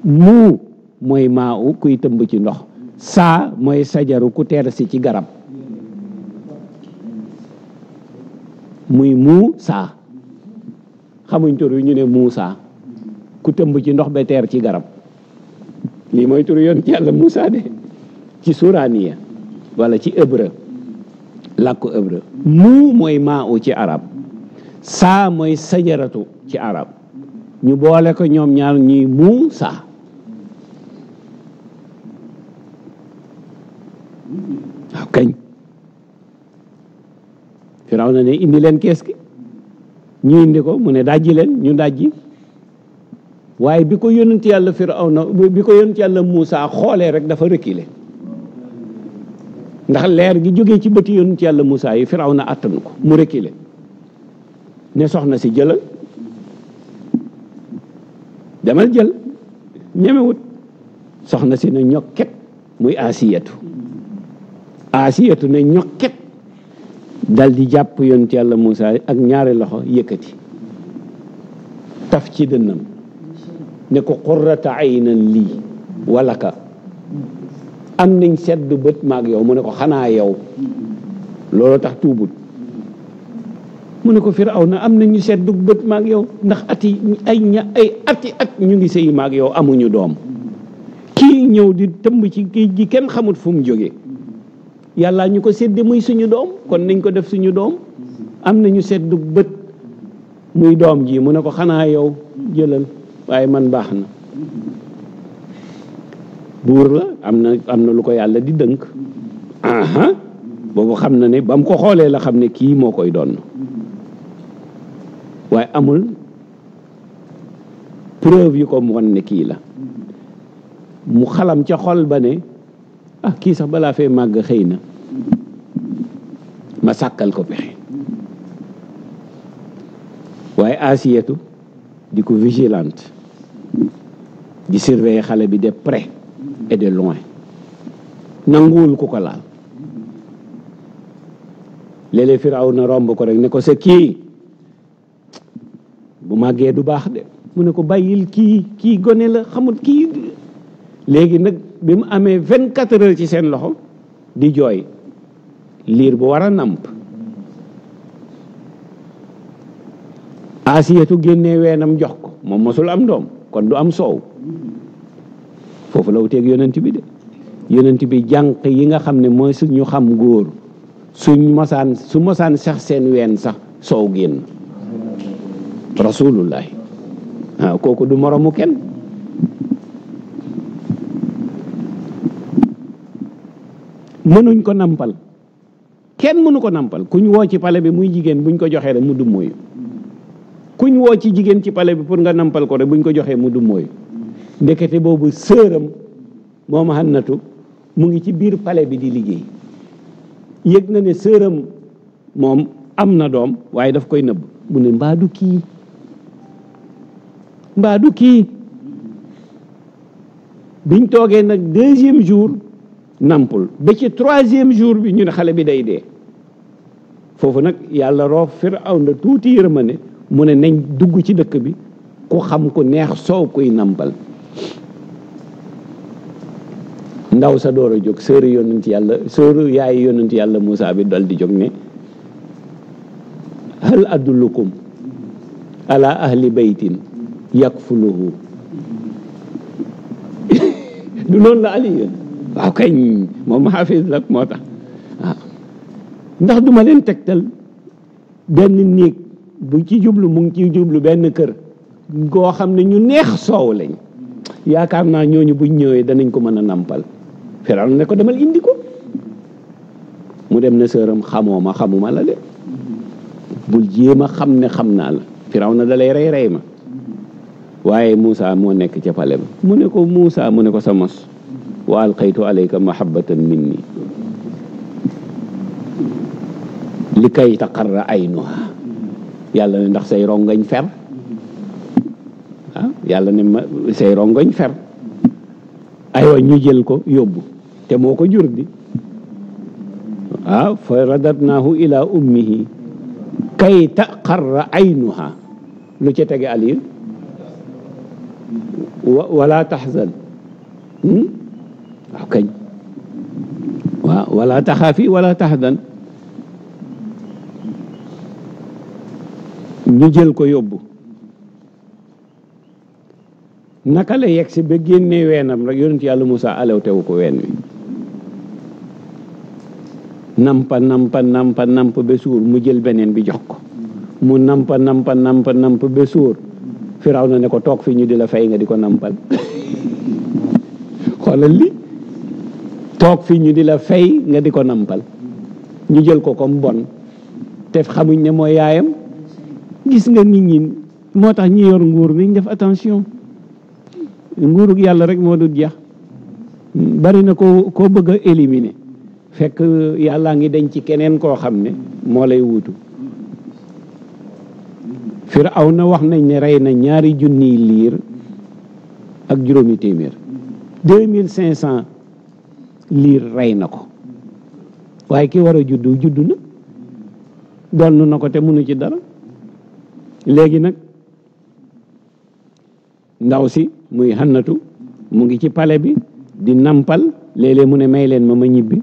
muu mooy maaw kuy tëmb ci ndox saa mooy sajaru ku teer si ci garab muy muu saa xamuñ tur wi ñu ne Moussa ku tëmb ci ndox ba teer ci garab lii mooy tur yoon ci yàlla Moussa de ci suraniya walla ci hébreu làkku hébreu mu mooy maa u ci arab saa mooy sajaratu ci arab ñu boole ko ñoom ñaar ñuy Moussa waaw kañ firaw na ne leen kees ñu indi ko mu ne dajji leen ñu dajji waaye bi ko yonent yàlla na bi ko yonent yàlla muusaa xoolee rek dafa reculer ndax leer gi jógee ci bëti yonent yàlla Muusa yi na àttanu ko mu reculer ne soxna si jëlal demal jël ñemewut soxna si ne ñokket muy asiyatu asiyatu ne ñokket dal di jàpp yonent yàlla Moussa ak ñaari loxo yëkkati taf ci dënnam ne ko qurrata aynan lii ka am nañ sedd bët maag yow mu ne ko xanaa yow loolu tax tuubut mu ne ko na am nañu sedd bët maag yow ndax ati ay ati at ñu ngi sëy maag yow amuñu doom kii ñëw di tëmb ci géej gi kenn xamut fu mu jógee yàlla ñu ko sédde muy suñu doom kon nañ ko def suñu doom am na nañu seddu bët muy doom ji mu ne ko xanaa yow jëlal waaye man baax na buur la am na am na lu ko yàlla di dënk aha boobu xam na ne ba mu ko xoolee la xam ne kii moo koy doon waaye amul preuve yu ko won ne kii la mu xalam ca xol ba ne ah kii sax balaa fee màgg xëy na ma sàkkal ko pexe waaye asiyatu di ko vigilante di surveiller xale bi de pre et de loin nanguwul ku ko laal léeg-léeg firaw na romb ko rek ne ko sa kii bu màggee du baax de mu ne ko bàyyil kii gone la xamul kii léegi nag bi mu amee vingt quatre heures ci seen loxo di jooy liir bu war a namp asiyetu génnee weenam jox ko moom mosul am doom kon du am soow foofu la wuteeg yonent bi de yonent bi jànq yi nga xam ne mooy suñu xam góor suñ mosaan su mosaan sax seen ween sax soow génn rasulullahi waaw kooku du moromu kenn mënuñ ko nampal kenn mënu ko nampal kuñ woo ci pale bi muy jigéen buñ ko joxee rek mu dummóoyu kuñ woo ci jigéen ci pale bi pour nga nampal ko rek buñ ko joxee mu dummóoyu ndekete boobu sëram moom Hannatu mu ngi ci biir pale bi di liggéey yëg na ne sëram moom am na doom waaye daf koy nëbb mu ne mbaa du kii mbaa du kii biñ toogee nag deuxième jour nampul ba ci troisième jour bi ñu ne xale bi day dee foofu nag yàlla roof Firawna tuuti ne mu ne nañ dugg ci dëkk bi ku xam ku neex soow kuy nampal ndaw sa door a jóg sëru yonent yàlla sëru yaay yonent yàlla Moussa bi dal di jóg ne hal adullukum ala ahli baytin yakfuluhu du noonu la ali waaw kañ moom xaafis la moo tax ndax duma leen tegtal benn néeg bu ci jublu mu ngi ci jublu benn kër goo xam ne ñu neex soow lañ yaakaar naa ñooñu buñ ñëwee danañ ko mën a nampal firaw ne ko demal indi ko mu dem na sëram xamoo ma xamuma la de bul jéem a xam ne xam naa la firaw na dalay lay rey rey ma waaye Moussa moo nekk ca pale ba mu ne ko Moussa mu ne ko sa mos wa alqaytu alayka mahabbatan minni li kay taqarra aynuha yàlla ne ndax say rongoñ fer ah yàlla ne ma say rongoñ fer aywa ñu jël ko yóbbu te moo ko jur di ah fa radatnaahu ila ummihi kay taqarra aynuha lu ca tege aliir wala tahzan hmm? waaw kañ waaw wala taxaafi wala taxdan ñu jël ko yóbbu naka la yegg si ba génnee weenam rek yonent yàlla musaa alew tewu ko ween wi nampa nampa nampa namp ba mu jël beneen bi jox ko mu nampa nampa nampa namp ba suur firaw na ne ko toog fi ñu di la fay nga di ko nampal xoolal li toog fii ñu di la fay nga di ko nampal ñu jël ko kom bon te xamuñ ne mooy yaayam gis nga nit ñi moo tax ñu yor nguur nañ def attention nguurug yàlla rek moo dul jeex bari na ko koo bëgg éliminé fekk yàllaa ngi denc ci keneen koo xam ne moo lay wuutu na wax nañ ne rey na ñaari junniy liir ak juróomi téeméer liir rey na ko waaye ki war a juddu juddu na doon na ko te mënu ci dara léegi nag ndaw si muy xannatu mu ngi ci pale bi di nampal léeg mu ne may leen ma ma ñibbi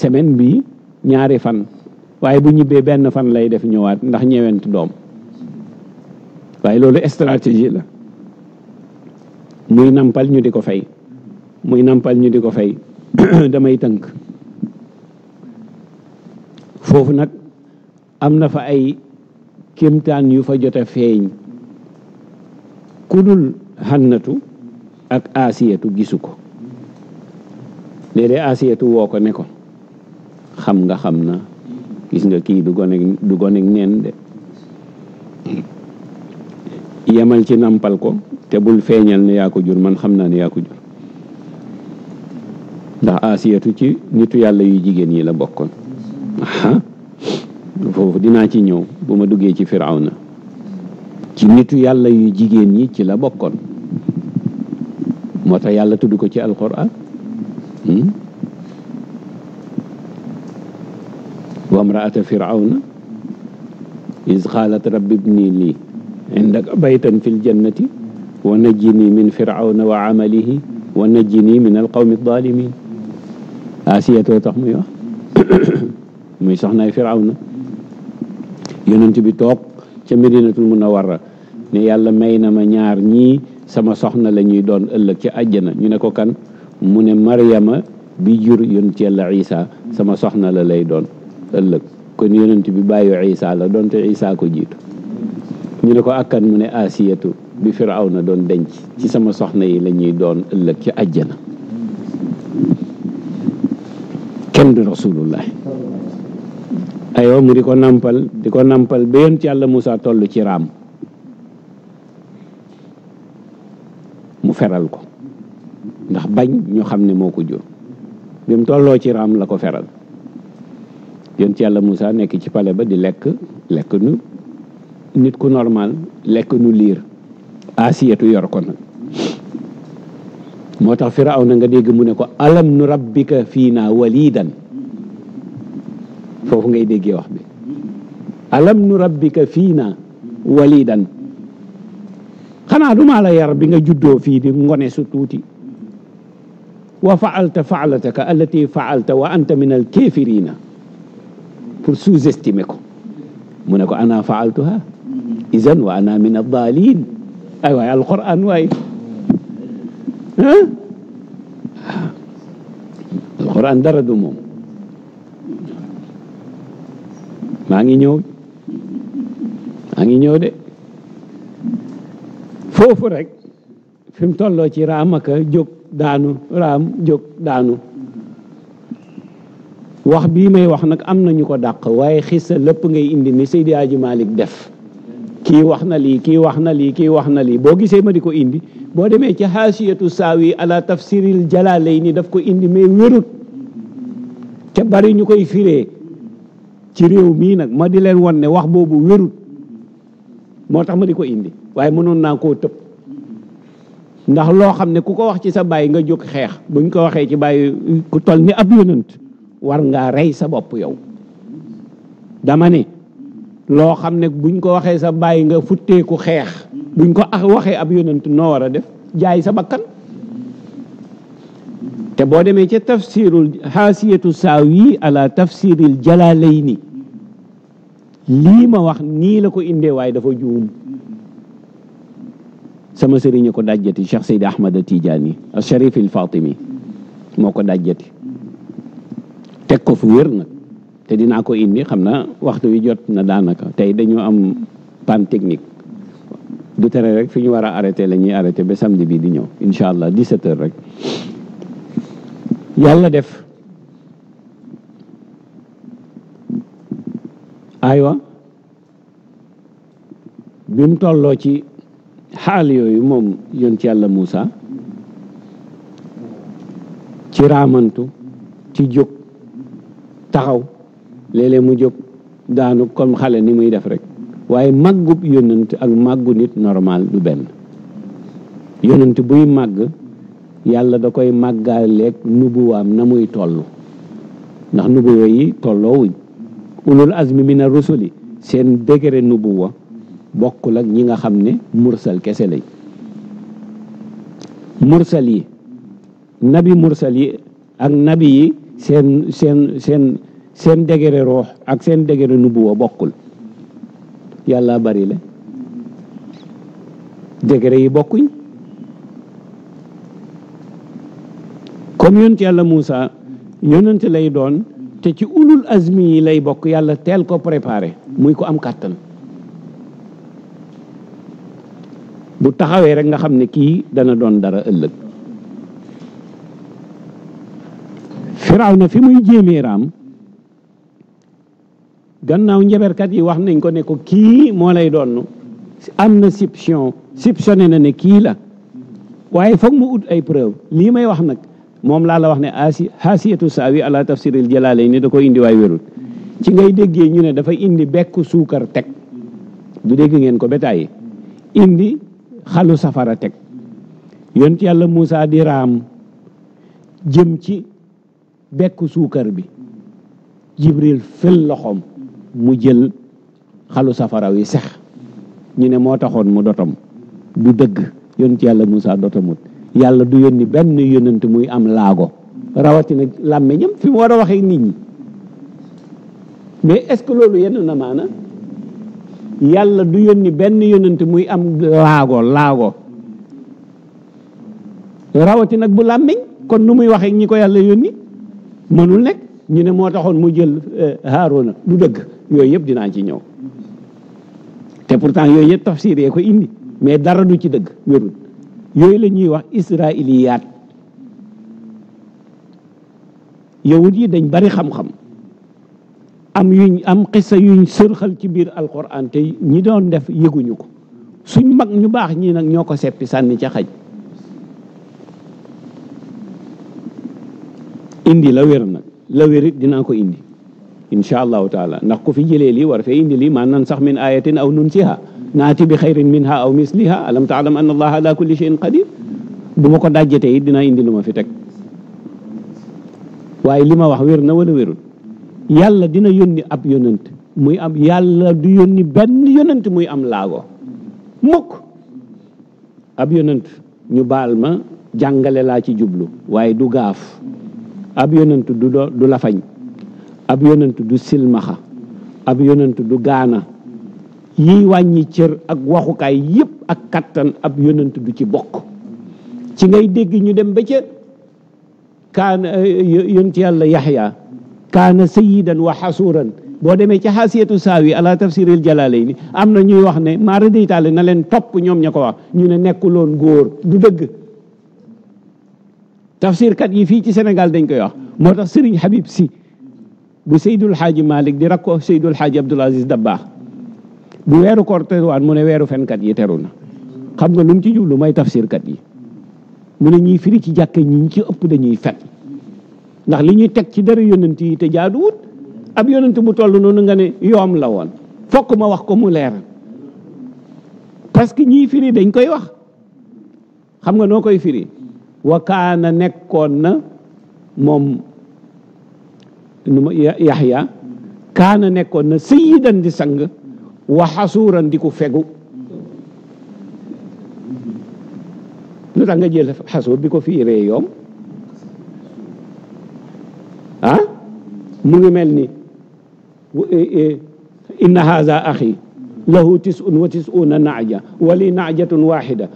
semaine bi ñaari fan waaye bu ñibbee benn fan lay def ñëwaat ndax ñëwent doom waaye loolu stratégie la muy nampal ñu di ko fay muy nampal ñu di ko fay damay tënk foofu nag am na fa ay kéemtaan yu fa jote feeñ kudul xannatu ak asiyatu gisu ko léeg-léeg asiyatu woo ko ne ko xam nga xam na gis nga kii du gone du gone neen de yemal ci nampal ko te bul feeñal ne yaa ko jur man xam naa ne yaa ko jur ndax asiyatu ci nitu yàlla yu jigéen ñi la bokkoon foofu dinaa ci ñëw bu ma duggee ci firawna ci nitu yàlla yu jigéen ñi ci la bokkoon moo tax yàlla tudd ko ci alquran hmm? wa mraata firawna iz qaalat rabbi bni lii indaka baytan fi ljannati wa najjini min firawna wa amalihi wa najjini min alqawmi aldalimin asiyatoo ah, tax muy wax muy soxnaay firawna yonent bi toog ca medinatul munawwara ne yàlla may na ma ñaar ñii sama soxna lañuy doon ëllëg ci àjjana ñu ne ko kan mu ne maryama bi jur yonent yàlla sama soxna lay doon ëllëg kon yonent bi bàyyi isa la doonte isa ko jiitu ñu ne ko akkan mu ne asiyatu bi firawna doon denc ci sama soxna yi lañuy doon ëllëg ci àjjana kenn du rasulullah mu di ko nampal di ko nampal ba yonent yàlla Moussa tollu ci raam mu feral ko ndax bañ ñu xam ne moo ko jur bi tolloo ci raam la ko feral yoon yonent yàlla Moussa nekk ci pale ba di lekk lekk nu nit ku normal lekk nu liir asiyatu yor ko nag moo tax firaw na nga dégg mu ne ko alam nu rabbika fii naa walidan foofu ngay déggee wax bi alam nu rabbika fii naa xanaa du yar bi nga juddoo fii di ngone su tuuti wa faalta faalataka allati faalta wa anta min al kafirina pour sous mu ne ko ana faaltuha izan wa ana min ad ay waay alquran waay alxuraan dara du moom maa ngi ñëw maa ngi ñëw de foofu rekk fi tolloo ci raam jóg daanu raam jóg daanu wax bii may wax nag am nañu ko dàq waaye xisa lépp ngay indi ni Seydi Hadji def kii wax na lii kii wax na lii kii wax na lii boo gisee ma di ko indi boo demee ci xaasiyatu saawi ala tafsiril nii daf ko indi mais wérut te bari ñu koy firee ci réew mii nag ma di leen wan ne wax boobu wérut moo tax ma di ko indi waaye mënoon naa koo tëb ndax loo xam ne ku ko wax ci sa baay nga jóg xeex buñ ko waxee ci baay ku tol ni ab yonent war ngaa rey sa bopp yow dama ne loo xam ne buñ ko waxee sa baay nga futteeku xeex buñ ko waxee ab yonent noo war a def jaay sa bakkan te boo demee ca tafsirul xaasiyatu saawi ala tafsiril jalaalayni lii ma wax nii la ko indee waaye dafa juum sama sëriñ ko dajjati Cheikh Seydi Ahmad Tijaani al Sharif al Fatimi moo ko dajjati teg ko fu wér nag te dinaa ko indi xam na waxtu wi jot na daanaka tey dañu am panne technique du tere rek fi ñu war a arrêté la ñuy arrêté ba bii di ñëw incha allah 17 heures rek yàlla def aywa bi mu tolloo ci xaal yooyu moom yoon ci yàlla muusa ci raamantu ci jóg taxaw léeg mu jóg daanu comme xale ni muy def rek waaye màggub yónnent ak màggu nit normal du benn yónnent buy màgg yàlla da koy màggaaleeg nubuwaam na muy toll ndax nubu yooyu tolloowuñ ulul azmi mina rusuli seen degré nubuwa bokkul ak ñi nga xam ne mursal kese lañ mursal yi nabi mursal yi ak nabi yi seen seen seen seen degré roox ak seen degré nubuwa bokkul yàlla bari le degré yi bokkuñ comme yonent yàlla Moussa yonent lay doon te ci ulul azmi yi lay bokk yàlla teel ko préparé muy ko am kàttan bu taxawee rek nga xam ne kii dana doon dara ëllëg Firawna fi muy jéemee gannaaw njaberkat yi wax nañ ko ne ko kii moo lay doon am na soupçon soupçonné na ne kii la waaye foog mu ut ay preuve lii may wax nag moom laa la wax ne asi xaasiyatu saawi ala tafsiril jalaalayn ni da ko indi waay wérul ci ngay déggee ñu ne dafa indi bekk suukar teg du dégg ngeen ko bétaay indi xalu safara teg yoon ci yàlla Moussa di raam jëm ci bekku suukar bi Jibril fël loxoom mu jël xalu safara wi sex ñu ne moo taxoon mu dotom du dëgg yoon ci yàlla Moussa dotamut yàlla du yónni benn yónnent muy am laago rawatina làmmiñam fi war a waxee nit ñi mais est-ce que loolu yenn na maana yàlla du yónni benn yónnent muy am laago laago rawatina bu làmmiñ kon nu muy waxee ñi ko yàlla yónni mënul nekk ñu ne moo taxoon mu jël euh, Haaruna du dëgg yooyu yëpp dinaa ci ñëw te pourtant yooyu yëpp tafsir yee ko indi mais dara du ci dëgg wérul yooyu la ñuy wax israiliyaat yawut yi dañ bari xam-xam am yuñ am xisa yuñ sërxal ci biir alquran te ñi doon def yëguñu ko suñ mag ñu baax ñii nag ñoo ko seppi sànni ca xaj indi la wér nag la wérit dinaa ko indi incha allah taala ndax ku fi jëlee lii war fee indi lii man nan sax min ayatin aw nunsiha naati bi xayrin minha aw misliha alam taalam anna allaha ala kulli shay'in qadir bu ma ko dajjate it dinaa indi lu ma fi teg waaye li ma wax wér na wala wérul yàlla dina yónni ab yonant muy am du yónni benn yonant muy am laago mukk ab yonant ñu baal ma jàngale laa ci jublu waaye du gaaf ab yonant du lafañ ab yonent du silmaxa ab yonent du gaana yiy wàññi cër ak waxukaay yépp ak kattan ab yonent du ci bokk ci ngay dégg ñu dem ba ca kaan ci eh, yàlla yaxya kaana sayidan wa xasuuran boo demee ci xaasiyatu saawi ala tafsiril ni am na ñuy wax ne maa deytaale na leen topp ñoom ña ko wax ñu ne nekkuloon góor du dëgg tafsirkat yi fii ci Sénégal dañ koy wax moo tax Serigne Habib Sy bu Seydul Xaaji Malick di rakko Seydul Xaaji Abdul Aziz baax bu weeru koor teruwaan mu ne weeru fenkat yi teru na xam nga lu mu ci jublu mooy tafsirkat yi mu ne ñuy firi ci jàkke ñi ci ëpp dañuy fen ndax li ñuy teg ci dara yonent yi te jaaduwut ab yonent mu toll noonu nga ne yoom la woon fokk ma wax ko mu leer parce que firi dañ koy wax xam nga noo koy firi wakaana nekkoon na moom nu ma yaxya kaana nekkoon na sayyidan di sang wa xasuuran di ku fegu lu tax nga jël xasuur di ko fiiree yoom ah mu ngi mel ni e, e, inna haza axi lahu tisun wa tisuna naaja wa li naajatun waxida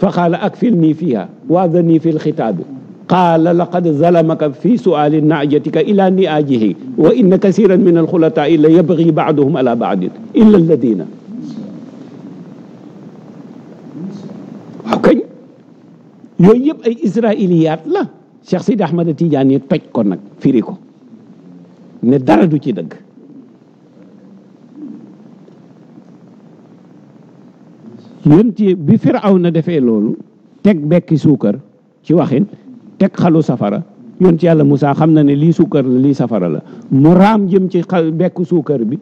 fa qaala akfilni fiha waadani fi lxitaabi qaala laqad zalamaka fi suali naajatika ila niajihi wa inna kasiran min alxulataai la yabgi baaduhum ala baadin illa alladina waaw kañ yooyu yëpp ay israiliyaat la Cheikh Sidi Ahmad Tidiane yi toj ko nag firi ko ne dara du ci dëgg yonti bi Firawna defee loolu teg bekki suukar ci waxin teg xalu safara yoon ci yàlla Moussa xam na ne lii suukar la lii safara la mu raam jëm ci xal bekku suukar bi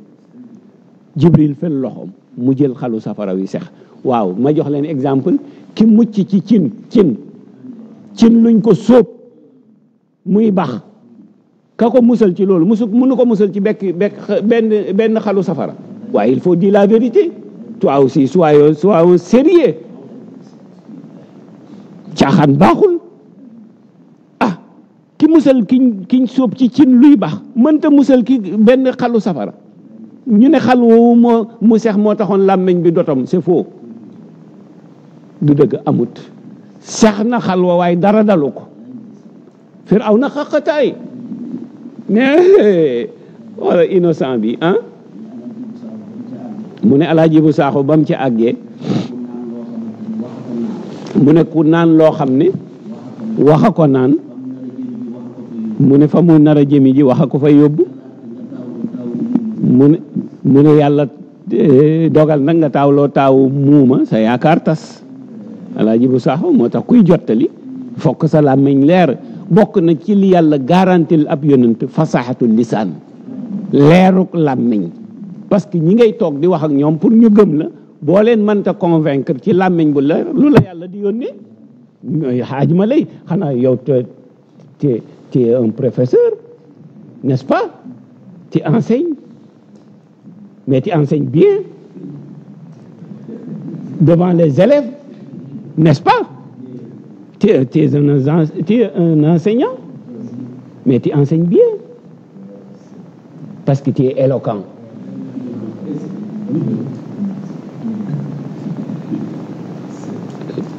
Jibril fel loxoom mu jël xalu safara wi sex waaw ma jox leen exemple ki mucc ci cin cin cin luñ ko sóob muy baax ka ko musal ci loolu musu mënu ko musal ci bekk bekk benn xalu safara waaye il faut dire la vérité toi aussi sois sois sérieux caaxaan baaxul ki musal kiñ kiñ sóob ci cin luy baax mënta musal ki benn xalu safara ñu ne xal woowu mu seex moo taxoon làmmiñ bi dotom c'est faux du dëgg amut seex na xal waaye dara dalu ko firaw na xaqataay ne wala bi ah? mu ne alaaji bu saaxu ba ci àggee mu ne ku naan loo xam ne waxa ko naan mu ne fa mu nar a jëmi ji wax a ko fay yóbbu mu ne mu ne yàlla eh, dogal nag nga taawloo taawu muuma sa yaakaar tas alaaji bu saaxo moo tax kuy jottali fokk sa làmmiñ leer bokk na ci li yàlla garantil ab yonent fasaxatu lisaan leeruk làmmiñ parce que ñi ngay toog di wax ak ñoom pour ñu gëm la boo leen mënta convaincre ci làmmiñ bu leer lu la yàlla di yónnee xaaj ma lay xanaa yow te te tu es un professeur, n'est-ce pas Tu enseignes, mais tu enseignes bien devant les élèves, n'est-ce pas tu es, tu, es un, tu es, un, enseignant, mais tu enseignes bien parce que tu es éloquent.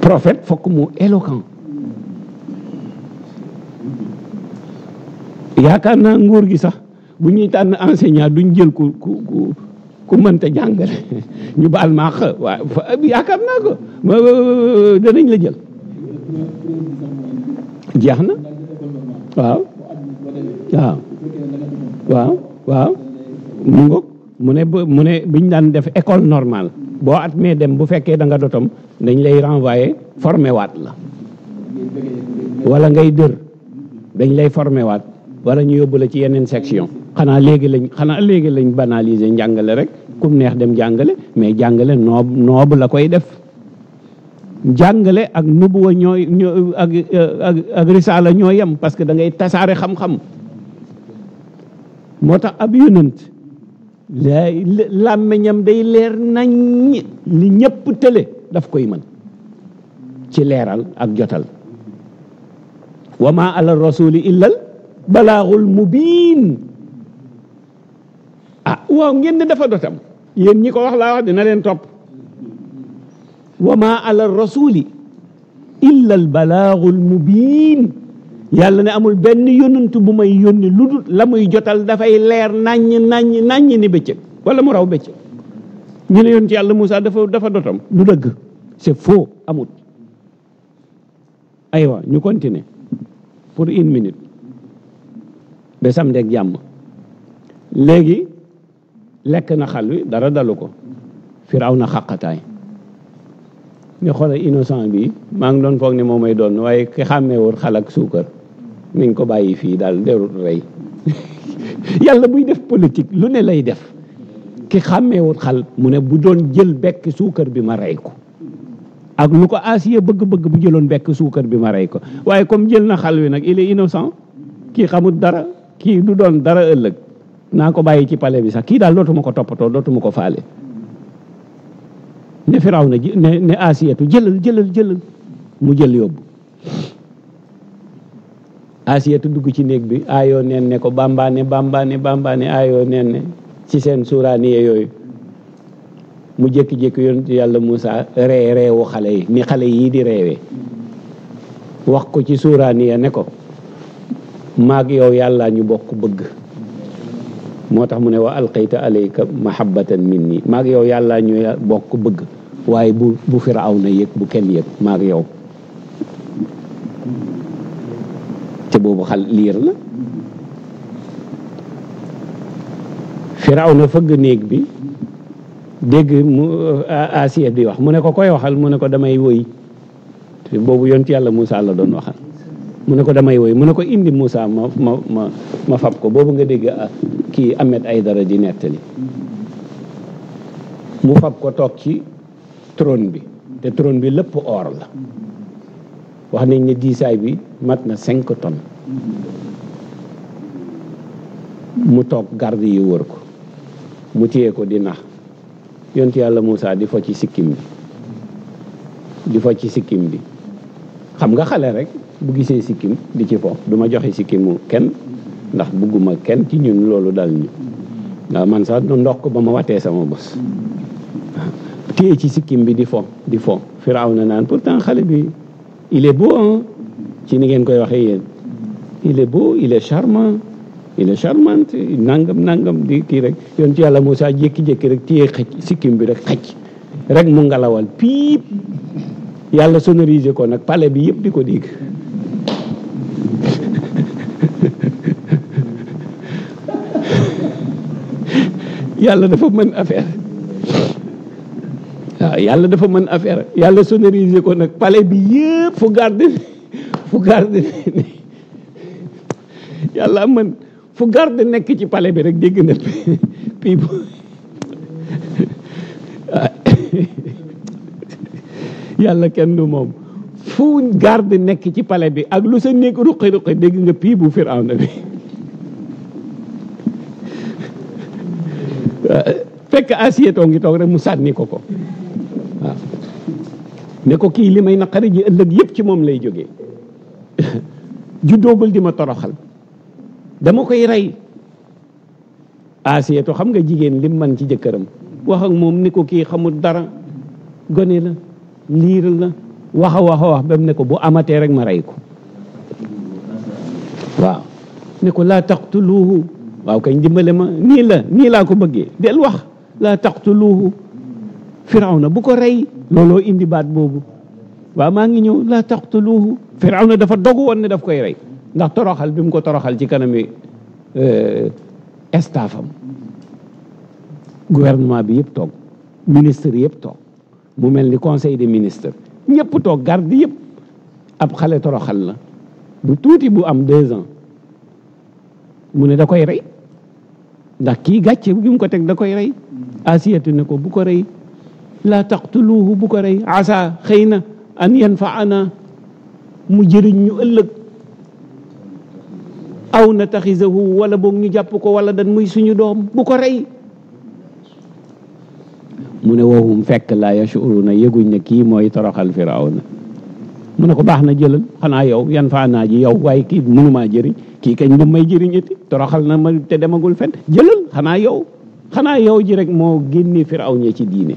Prophète, faut que mu éloquent. yaakaar naa nguur gi sax bu ñuy tànn enseignant duñ jël ku ku ku mënta jàngale ñu baal ma waa waaye yaakaar naa ko danañ la jël jeex na waaw waaw waaw waaw mu ngoog mu ne mu ne biñ daan def école normal boo at mee dem bu fekkee da nga dotom dañ lay renvoyer formé waat la wala ngay dër dañ lay formé waat wala ñu yóbbu la ci yeneen section xanaa léegi lañ xanaa léegi lañ banaliser njàngale rek kum neex dem jàngale mais jàngale noob noob la koy def jàngale ak nubuwa ñooy ñoo ak risaala ñoo yem parce que da ngay tasaare xam-xam moo tax ab yonent la làmmiñam day leer nañ li ñëpp tële daf koy mën ci leeral ak jotal wa ma ala rasuli illal balaaxul mubiin ah waaw ngeen di dafa dotam yéen ñi ko wax laa wax dina leen topp wa ma ala rasuli illa al balaaxul mubiin yàlla ne amul benn yónnantu bu may yónni lu dul la muy jotal dafay leer naññ naññ naññ ni bëccëg wala mu raw bëccëg ñu ne yónni yàlla Moussa dafa dafa dotam du dëgg c'est faux amut aywa ñu continuer pour une minute ba samedi ak jàmm léegi lekk na xal wi dara dalu ko firaw na xaqataay ni xool innocent bi maa ngi doon foog ni moom may doon waaye ki xàmmeewul xal ak suukar nañ ko bàyyi fii daal derut rey yàlla buy def politique lu ne lay def ki xàmmeewul xal mu ne bu doon jël bekk suukar bi ma rey ko ak lu ko asiye bëgg-bëgg bu jëloon bekk suukar bi ma rey ko waaye comme jël na xal wi nag il innocent kii xamul dara kii du doon dara ëllëg naa ko bàyyi ci pale bi sax kii daal dootuma ko toppatoo dootuma ko faale ne firaw na ne ne asiyatu jëlal jëlal mu jël yóbbu asiyatu dugg ci néeg bi aayoo neen ko bambaane bambaane bambaane aayoo neen ne ci seen suuraaniye yooyu mu jékki-jékki yonent yàlla Moussa ree reewu xale yi ni xale yii di reewee wax ko ci suuraaniye ne ko maag yow yàlla ñu bokk bëgg moo tax mu ne wa alqayta alayka mahabbatan minni maag yow yàlla ñu bokk bëgg waaye bu bu firawna yëg bu kenn yëg maag yow te boobu xal liir la firawna fëgg néeg bi dégg mu Asiya di wax mu ne ko koy waxal mu ne ko damay woy boobu yoon ci yàlla Muusaa la doon waxal mu ne ko damay woy mu ne ko indi Moussa ma ma ma ma fab ko boobu nga dégg ah, kii amet ay dara di nettali mu fab ko toog ci trône bi te trône bi lépp or la wax nañ ne diisaay bi mat na cinq tonnes mu toog garde yi wër ko mu téye ko di nax yonent yàlla Moussa di fo ci sikkim bi di fo ci sikkim bi xam nga xale rek bu gisee sikkim di ci fo duma ma joxe sikkimu kenn ndax bugguma kenn ci ñun loolu dal ñu ndax man sax ko ba ma watee sama bos téye ci sikkim bi di fo di fo firaw na naan pourtant xale bi il est beau ci ni ngeen koy waxee yéen il est beau il est charmant il charmant nangam nangam di kii rek yoon ci yàlla Moussa jékki-jékki rek téye xëcc sikkim bi rek xëcc rek mu ngelawal piip yàlla sonorisé ko nag pale bi yëpp di ko dégg yàlla dafa mën affaire waaw yàlla dafa mën affaire yàlla sonorisé ko nag pale bi yëpp fu garde fu garde yàlla fu garde nekk ci pale bi rek dégg na pii yàlla kenn du moom nekk ci palais bi ak lu sa néeg ruqi ruqi dégg nga pii bu Firawna bi fekk assiette ngi toog rek mu sànni ko ko waaw ne ko kii li may naqari ji ëllëg yëpp ci moom lay jóge juddoogul di ma toroxal dama koy rey assiette xam nga jigéen lim man ci jëkkëram wax ak moom ni ko kii xamul dara gone la liir la wax a wax ba mu ne ko bu amatee rek ma rey ko waaw ne ko laa taqtuluhu waaw kañ dimbale ma nii la nii laa ko bëggee del wax laa taqtuluuhu firawna bu ko rey looloo indi baat boobu waaw maa ngi ñëw laa taqtuluuhu firawna dafa dogu woon ne daf koy rey ndax toroxal bi mu ko toroxal ci kanami estafam eh, gouvernement bi yëpp toog ministre yëpp toog mu mel ni conseil des ministres ñëpp toog garde yëpp ab xale toroxal la bu tuuti bu am deux ans mu ne da koy rey ndax kii gàcce bi mu ko teg da koy rey asiyatu ne ko bu ko rey laa taqtuluuhu bu ko rey asa xëy na an yanfaana mu jëriñ ñu ëllëg aw na taxisahu wala boog ñu jàpp ko wala dan muy suñu doom bu ko rey mu ne wahum fekk laa yashuruna yëguñ ne kii mooy toroxal firawna mu ne ko baax na jëlal xanaa yow yan faa naa ji yow waaye kii maa jëriñ kii kañ ba may jëriñ it toroxal na ma te demagul fen jëlal xanaa yow xanaa yow ji rek moo génne firaw ña ci diine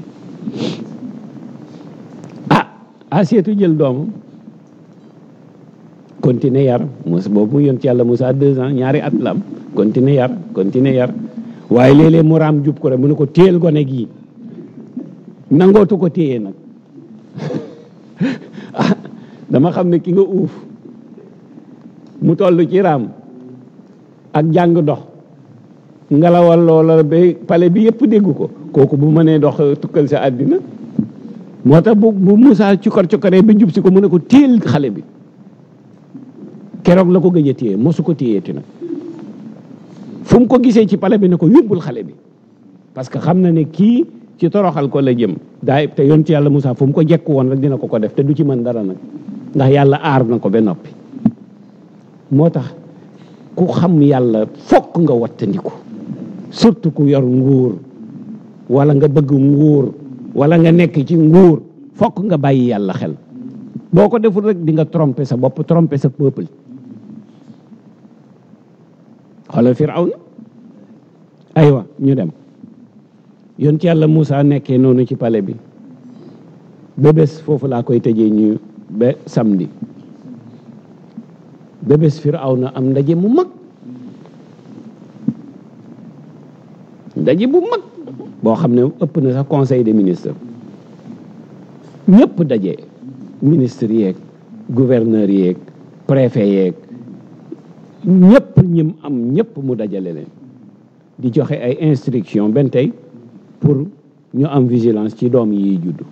ah asietu jël doomam continuer yar mos boobu ci yàlla musaa deux ans ñaari at la am continuer yar waaye léeg-léeg mu jub ko rek mu ne ko téyel gone gii nangootu ko téye nag dama xam ne ki nga uuf mu toll ci raam ak jàng dox ngelawal loola ba pale bi yëpp dégg ko kooku bu mënee dox tukkal sa àddina moo tax bu bu Moussa cukar cukaree ba jub si ko mu ne ko téel xale bi keroog la ko gëj a téye mosu ko téyeeti nag fu mu ko gisee ci pale bi ne ko yóbbul xale bi parce que xam na ne kii ci toroxal ko la jëm daay te yoon ci yàlla Moussa fu mu ko jekk woon rek dina ko ko def te du ci mën dara nag ndax yàlla aar na ko ba noppi moo tax ku xam yàlla fokk nga wattandiku surtout ku yor nguur walla nga bëgg nguur wala nga nekk ci nguur fokk nga bàyyi yàlla xel boo ko deful rek di nga tromper sa bopp tromper sa peuple xoolal Firawna aywa ñu dem yoon ci yàlla Moussa nekkee noonu ci pale bi ba bés foofu laa koy tëjee ñu ba samedi ba bés na am ndaje mu mag ndaje bu mag boo xam ne ëpp na sax conseil de ministre ñépp daje ministre yeeg gouverneur yeeg préfet yeeg ñëpp ñim am ñëpp mu dajale leen di joxe ay instruction benn tey pour ñu am vigilance ci doom yi juddu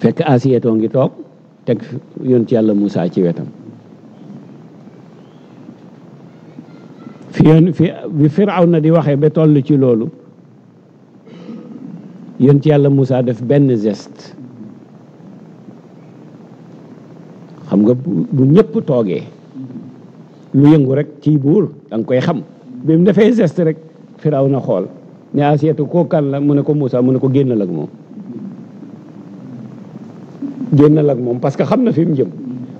fekk asiyetoo ngi toog teg ci yàlla Moussa ci wetam fi yoon fi bi Firawna di waxee ba toll ci loolu ci yàlla Moussa def benn geste xam nga bu ñëpp toogee lu yëngu rek ci buur danga koy xam bi mu defee geste rek na xool ne asiyatu koo kan la mu ne ko Moussa mu ne ko génnal ak moom génnal ak moom parce que xam na fi mu jëm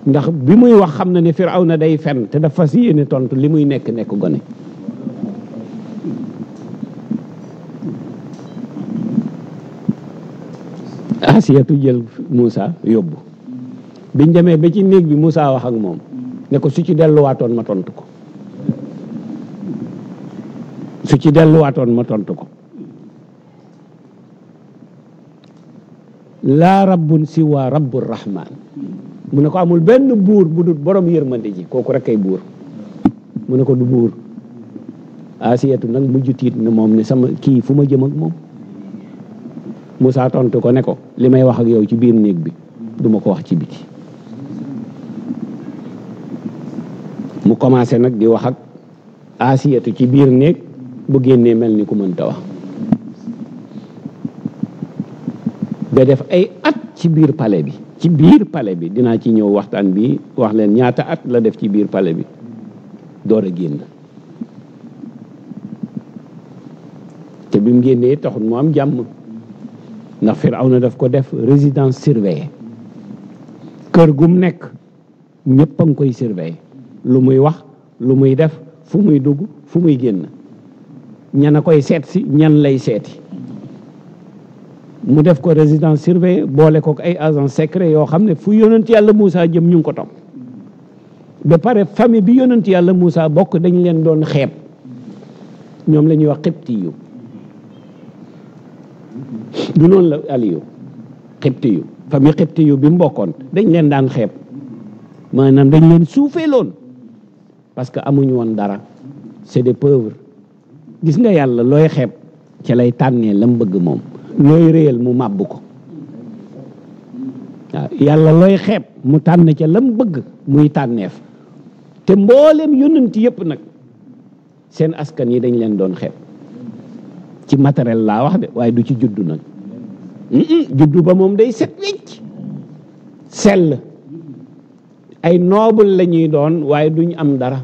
ndax bi muy wax xam na ni ne na day fen te dafa fas yéene tontu li muy nekk nekk gone asiyatu jël muusa yóbbu biñ demee ba ci néeg bi Moussa wax ak moom ne ko su ci delluwaatoon ma tontu ko su ci delluwaatoon ma tontu ko laa rabbun si waa rabbu rahman mu ne ko amul benn buur bu dul borom yërmande ji kooku rek ay buur mu ne ko du buur asiyatu nag mujj tiit ne moom ni sama kii fu ma jëm moom Moussa tontu ko ne ko li may wax ak yow ci biir néeg bi duma ko wax ci biti mu commencé nag di wax ak asiyatu ci biir néeg bu génnee mel ni ku mënta wax ba def ay at ci biir pale bi ci biir palais bi dinaa ci ñëw waxtaan bi wax leen ñaata at la def ci biir pale bi door a génn te bi mu génnee taxul mu am jàmm ndax na def ko def résidence surveillée kër gu nekk ñëpp a koy surveiller lu muy wax lu muy def fu muy dugg fu muy génn ñan koy seet si ñan lay seeti mu def ko résidence surveillée boole ko ay agents secrets yoo xam ne fu yonent yàlla Moussa jëm ñu ngi ko topp ba pare famille bi yonent yàlla Moussa bokk dañu leen doon xeeb ñoom la ñuy wax xibti yu du noonu la Aliou xibti yu famille xibti yu bi mu bokkoon dañ leen daan xeeb maanaam dañ leen suufee loon parce que amuñu woon dara c'est des pauvres gis nga yàlla looy xeeb ci lay tànnee mu bëgg moom looy réyal mu màbb ko yàlla looy xeeb mu tànn ca lam bëgg muy tànneef te mboolem yonent yépp nag seen askan yi dañ leen doon xeeb ci matériel laa wax de waaye du ci juddu nag juddu ba moom day set wecc ay noble la doon waaye duñ am dara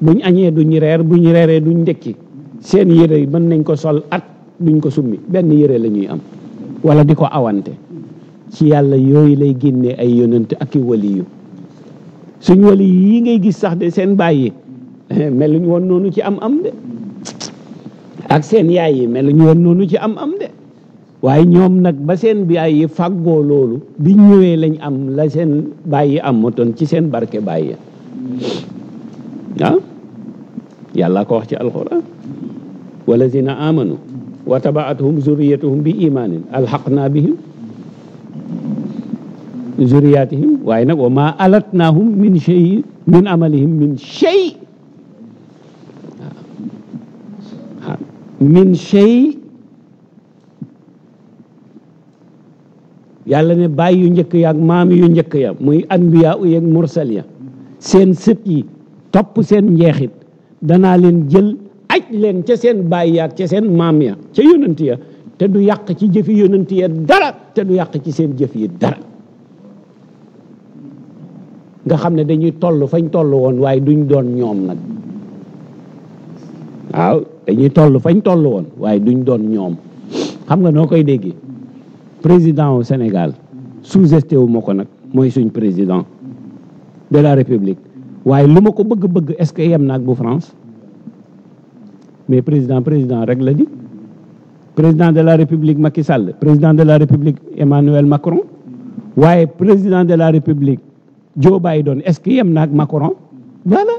buñ añee duñ reer buñ reeree duñ ndekki seen yére yi mën nañ ko sol at duñ ko summi benn yére lañuy am wala di ko awante ci yàlla yooyu lay génnee ay yonent ak i waliyu suñ wali yi ngay gis sax de seen baay yi mel luñ woon noonu ci am am de ak seen yaay yi mel luñ woon ci am am waaye ñoom nag ba seen baay yi fàggoo loolu biñ ñëwee lañ am la seen bàyyi am motoon ci seen barke baay yi ah? yàlla ko wax ci alxuraan wallazina amanu wa tabaatuhum zurriyatuhum bi imaanin alxaqnaa bihim zurriyatihim waaye nag wa maa alatnaahum min shay min amalihim min shay min shay yàlla ne bàyyi yu njëkk ya ak maam yu njëkk ya muy anbiya u yeeg mursal ya seen sët yi topp seen njeexit danaa leen jël aj leen ca seen baay yaag ca seen maam ya ca yonent ya te du yàq ci jëfi yonent ya dara te du yàq ci seen jëf yi dara nga xam ne dañuy toll fañ toll woon waaye duñ doon ñoom nag waaw dañuy toll fañ toll woon waaye duñ doon ñoom xam nga noo koy déggee président au Sénégal sous-estimé ko nag mooy suñ président de la République waaye lu ma ko bëgg-bëgg est-ce que yem naag bu France mais président président rek la di président de la république Macky Sall président de la république Emmanuel Macron waaye président de la république Joe Biden est-ce que yem naag Macron voilà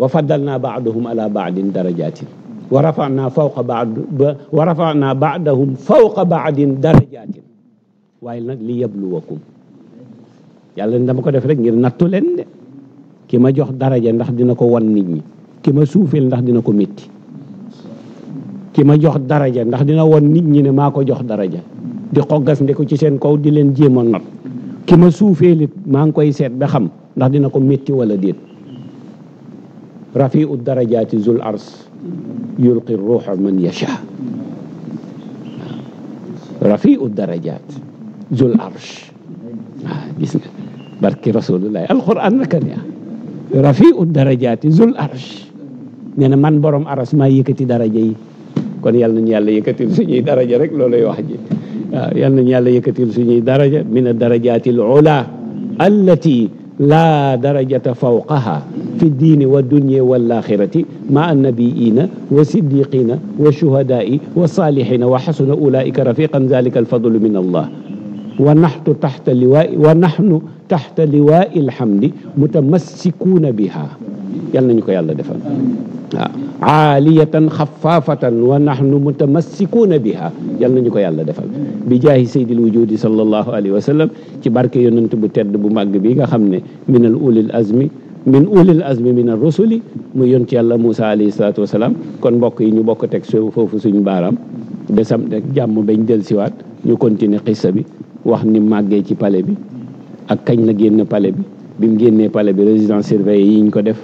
wa faddalnaa ba'dahum ala ba'din darajatin wa rafa'naa fawqa ba'd wa rafa'naa ba'dahum fawqa ba'din darajatin waaye nag li yabluwakum yàlla dama ko def rek ngir nattu leen de ki ma jox daraja ndax dina ko wan nit ñi ki ma suufeel ndax dina ko metti ki ma jox daraja ndax dina won nit ñi ne maa ko jox daraja di nde ko ci seen kaw di leen jéem a not ki ma suufeelit maa ngi koy seet ba xam ndax dina ko métti wala déet rafiu darajaati zul ars yulqi ruuxa man yasha rafiu darajaat zul arsh waaw gis nga barki rasulullahi alquran naka ne rafiu darajaati zul arsh ah, nee na man borom aras maa yëkkati daraja yi kon yal nañu yàlla yëkkatil suñuy daraja rek loolay wax ji waaw yal nañu yàlla yëkkatil suñuy daraja min a darajati l ula allati laa darajata fawqaha fi diini wa dunya wal axirati ma annabiina wa siddiqina wa shuhadaai wa saalihina wa xasuna ulaika rafiqan dalika alfadlu min allah wa naxnu taxta liwaai wa naxnu taxta liwaai alhamdi mutamassikuuna biha yal nañu ko yàlla defal aaliyatan xafaafatan wa nahnu mutamassikuuna biha yal nañu ko yàlla defal bi jaahi sayyidil wujudi sallallahu alayhi wa sallam ci barke yonent bu tedd bu màgg bi nga xam ne min al ulil azmi min ulil azmi min ar rusuli mu yonent yàlla Moussa alayhi salaatu wasalaam kon bokk yi ñu bokk teg foofu suñu baaraam desam rek jàmm bañ del siwaat ñu continuer xissa bi wax ni màggee ci pale bi ak kañ la génn pale bi bi mu génnee palais bi résidence surveillée yi ñu ko def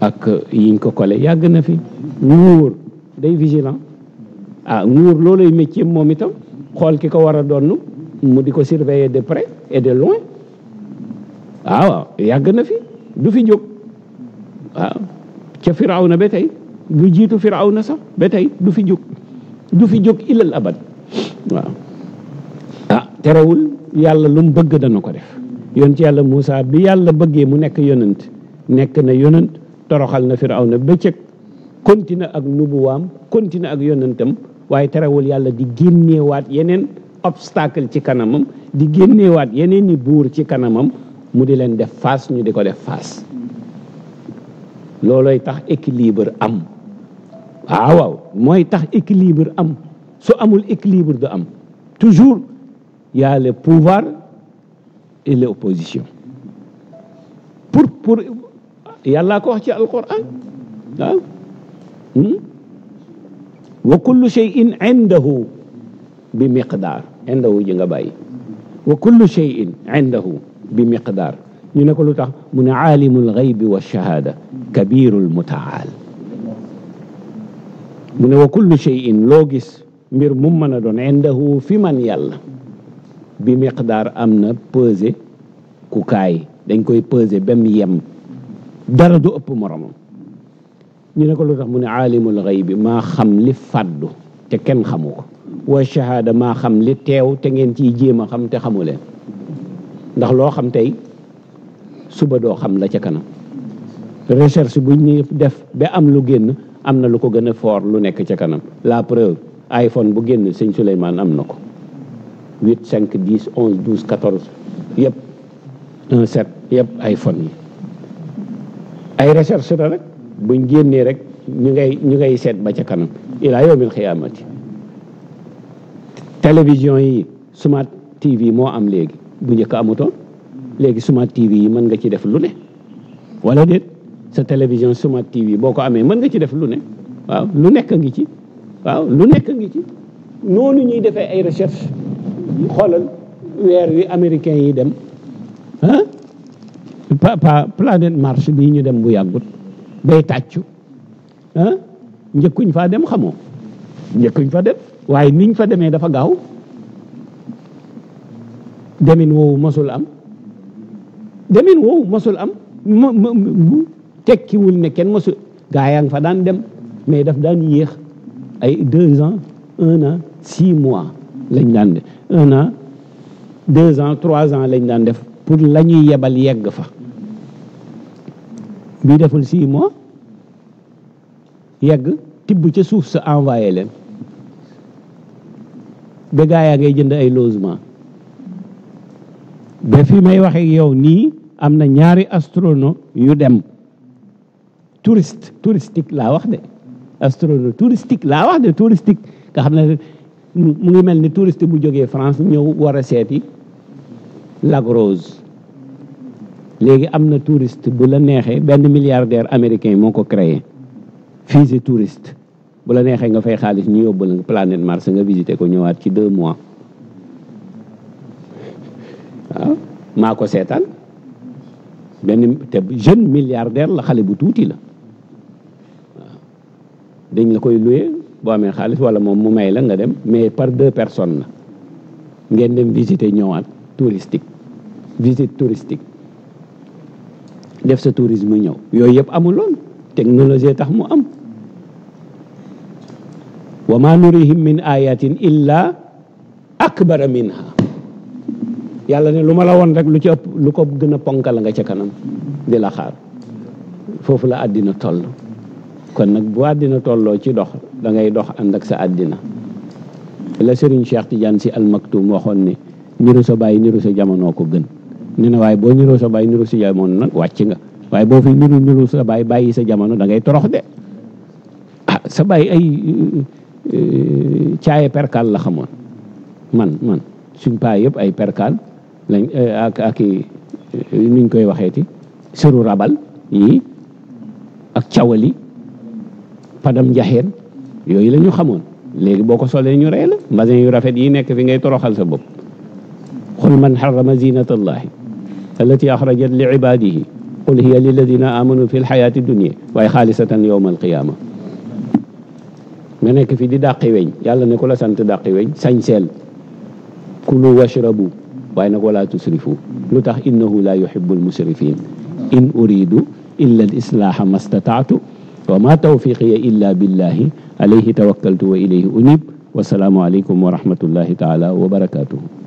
ak yiñ ko kole yàgg na fi nguur day vigilant ah nguur loolay métier moom itam xool ki ko war a donn mu di ko surveiller de près et de loin ah, waaw yàgg na fi du fi jóg waaw ah, ca Firawna ba tey lu jiitu na sax ba tey du fi jóg du fi jóg ilal abad waaw ah terewul yàlla lu mu bëgg dana ko def yoon ci yàlla Moussa bi yàlla bëggee mu nekk yonent nekk na yonent toroxal na firawna bëccëg continué ak nubuwaam continué ak yonantam waaye terewul yàlla di génneewaat yeneen obstacle ci kanamam di génneewaat yeneen ni buur ci kanamam mu di leen def face ñu di ko def face loolooy tax équilibre am waaw waaw mooy tax équilibre am su amul équilibre du am toujours y a le pouvoir et yàllaa ko wax ci alquran waaw hmm? wa kullu shay'in indahu bi miqdaar indahu ji nga bàyyi wa kullu shay'in indahu bi miqdaar ñu ne ko lu tax mu ne aalimul gaybi wa shahaada kabirul mutaal mu ne wa kullu shay'in loo gis mbir mu mën a doon indahu fi man yàlla bi miqdaar am na pesé ku kaay dañ koy pesé ba mu yem dara du ëpp moromam ñu ne ko lu tax mu ne aalimul bi maa xam li fàddu te kenn xamu ko wa shahaada maa xam li teew te ngeen ciy jéem a xam te xamu ndax loo xam tey suba doo xam la ca kanam recherche bu ñu def ba am lu génn am na lu ko gën a fort lu nekk ca kanam la preuve iPhone bu génn sëñ Souleymane am na ko 8 5 10 11 12 yëpp 1 iPhone yi ay recherche la rek buñ génnee rek ñu ngay ñu ngay seet ba ca kanam ilaa yawmil xiyaamati télévision yi smart tv moo am léegi bu njëkk amutoon léegi smart tv yi mën nga ci def lu ne wala de sa télévision smart tv boo ko amee mën nga ci def lu ne waaw lu nekk ngi ci waaw lu nekk ngi ci noonu ñuy defee ay recherche xoolal weer wi américain yi dem ah pa planète march bii ñu dem bu yàggut day tàccu ah njëkkuñ faa dem xamoo njëkkuñ fa dem waaye niñ fa demee dafa gaaw demin woowu mosul am demin woowu mosul am tekkiwul ne kenn mosul gaa yaa ngi fa daan dem mais def daan yéex ay deux ans un an six mois lañ daan def un an deux ans trois ans lañ daan def pour la ñuy yebal yegg fa bii deful six mois yegg tibb ca suuf sa envoyé leen ba yaa ngay jënd ay logement ba fi may waxee yow nii am na ñaari astrono yu dem touriste touristique laa wax de astrono touristique laa wax de touristique nga xam ne mu ngi mel ni touriste bu jógee France ñëw war a seeti lagrose léegi am na touriste bu la neexee benn milliardaire américain moo ko créé visé touriste bu la neexee nga fay xaalis ñu yóbbu la planète Mars nga visité ko ñëwaat ci deux mois maa ko seetaan benn te jeune milliardaire la xale bu tuuti la dañ la koy loué boo amee xaalis wala moom mu may la nga dem mais par deux personnes la ngeen dem visiter ñëwaat touristique visite touristique def sa tourisme ñëw yooyu yëpp amuloon technologie tax mu am wa ma nurihim min ayatin illa akbara minha yàlla ne lu ma la woon rek lu ci lu ko gën a ponkal nga ca kanam di la xaar foofu la àddina toll kon nag bu àddina tolloo ci dox dangay dox ànd ak sa àddina la Serigne Cheikh Tidiane si al Maktoum waxoon ni niru sa bàyyi niru sa jamonoo ko gën ne waaye boo niroo sa baay niroo sa jamono nag wàcc nga waaye boo fi niru niru sa baay bàyyi sa jamono dangay torox de ah sa baay ay eh, eh, caaye perkal la xamoon man man suñ paa yëpp ay perkal lañ eh, ak ak nuñ koy waxeeti sëru rabal yi ak cawali padam njaxeen yooyu la ñu xamoon léegi boo ko solee ñu rey la mbasin yu rafet yi nekk fi ngay toroxal sa bopp xul man xarama zinatallahi allati axrajat li ibaadihi qul hiya lilladina amanu fi lxayaati dunia waaye xaalisatan yowma alqiyaama nga nekk fi di dàqi weñ yàlla ne ko la sant dàqi weñ sañ seel kulu washrabu waaye nag wala tusrifu lu tax innahu la yuhibu almusrifin in uridu illa al islaaha ma stataatu wa ma tawfiqiya illa billahi alayhi tawakkaltu wa ilayhi unib wasalaamu aleykum wa rahmatullahi taala wa barakatuhu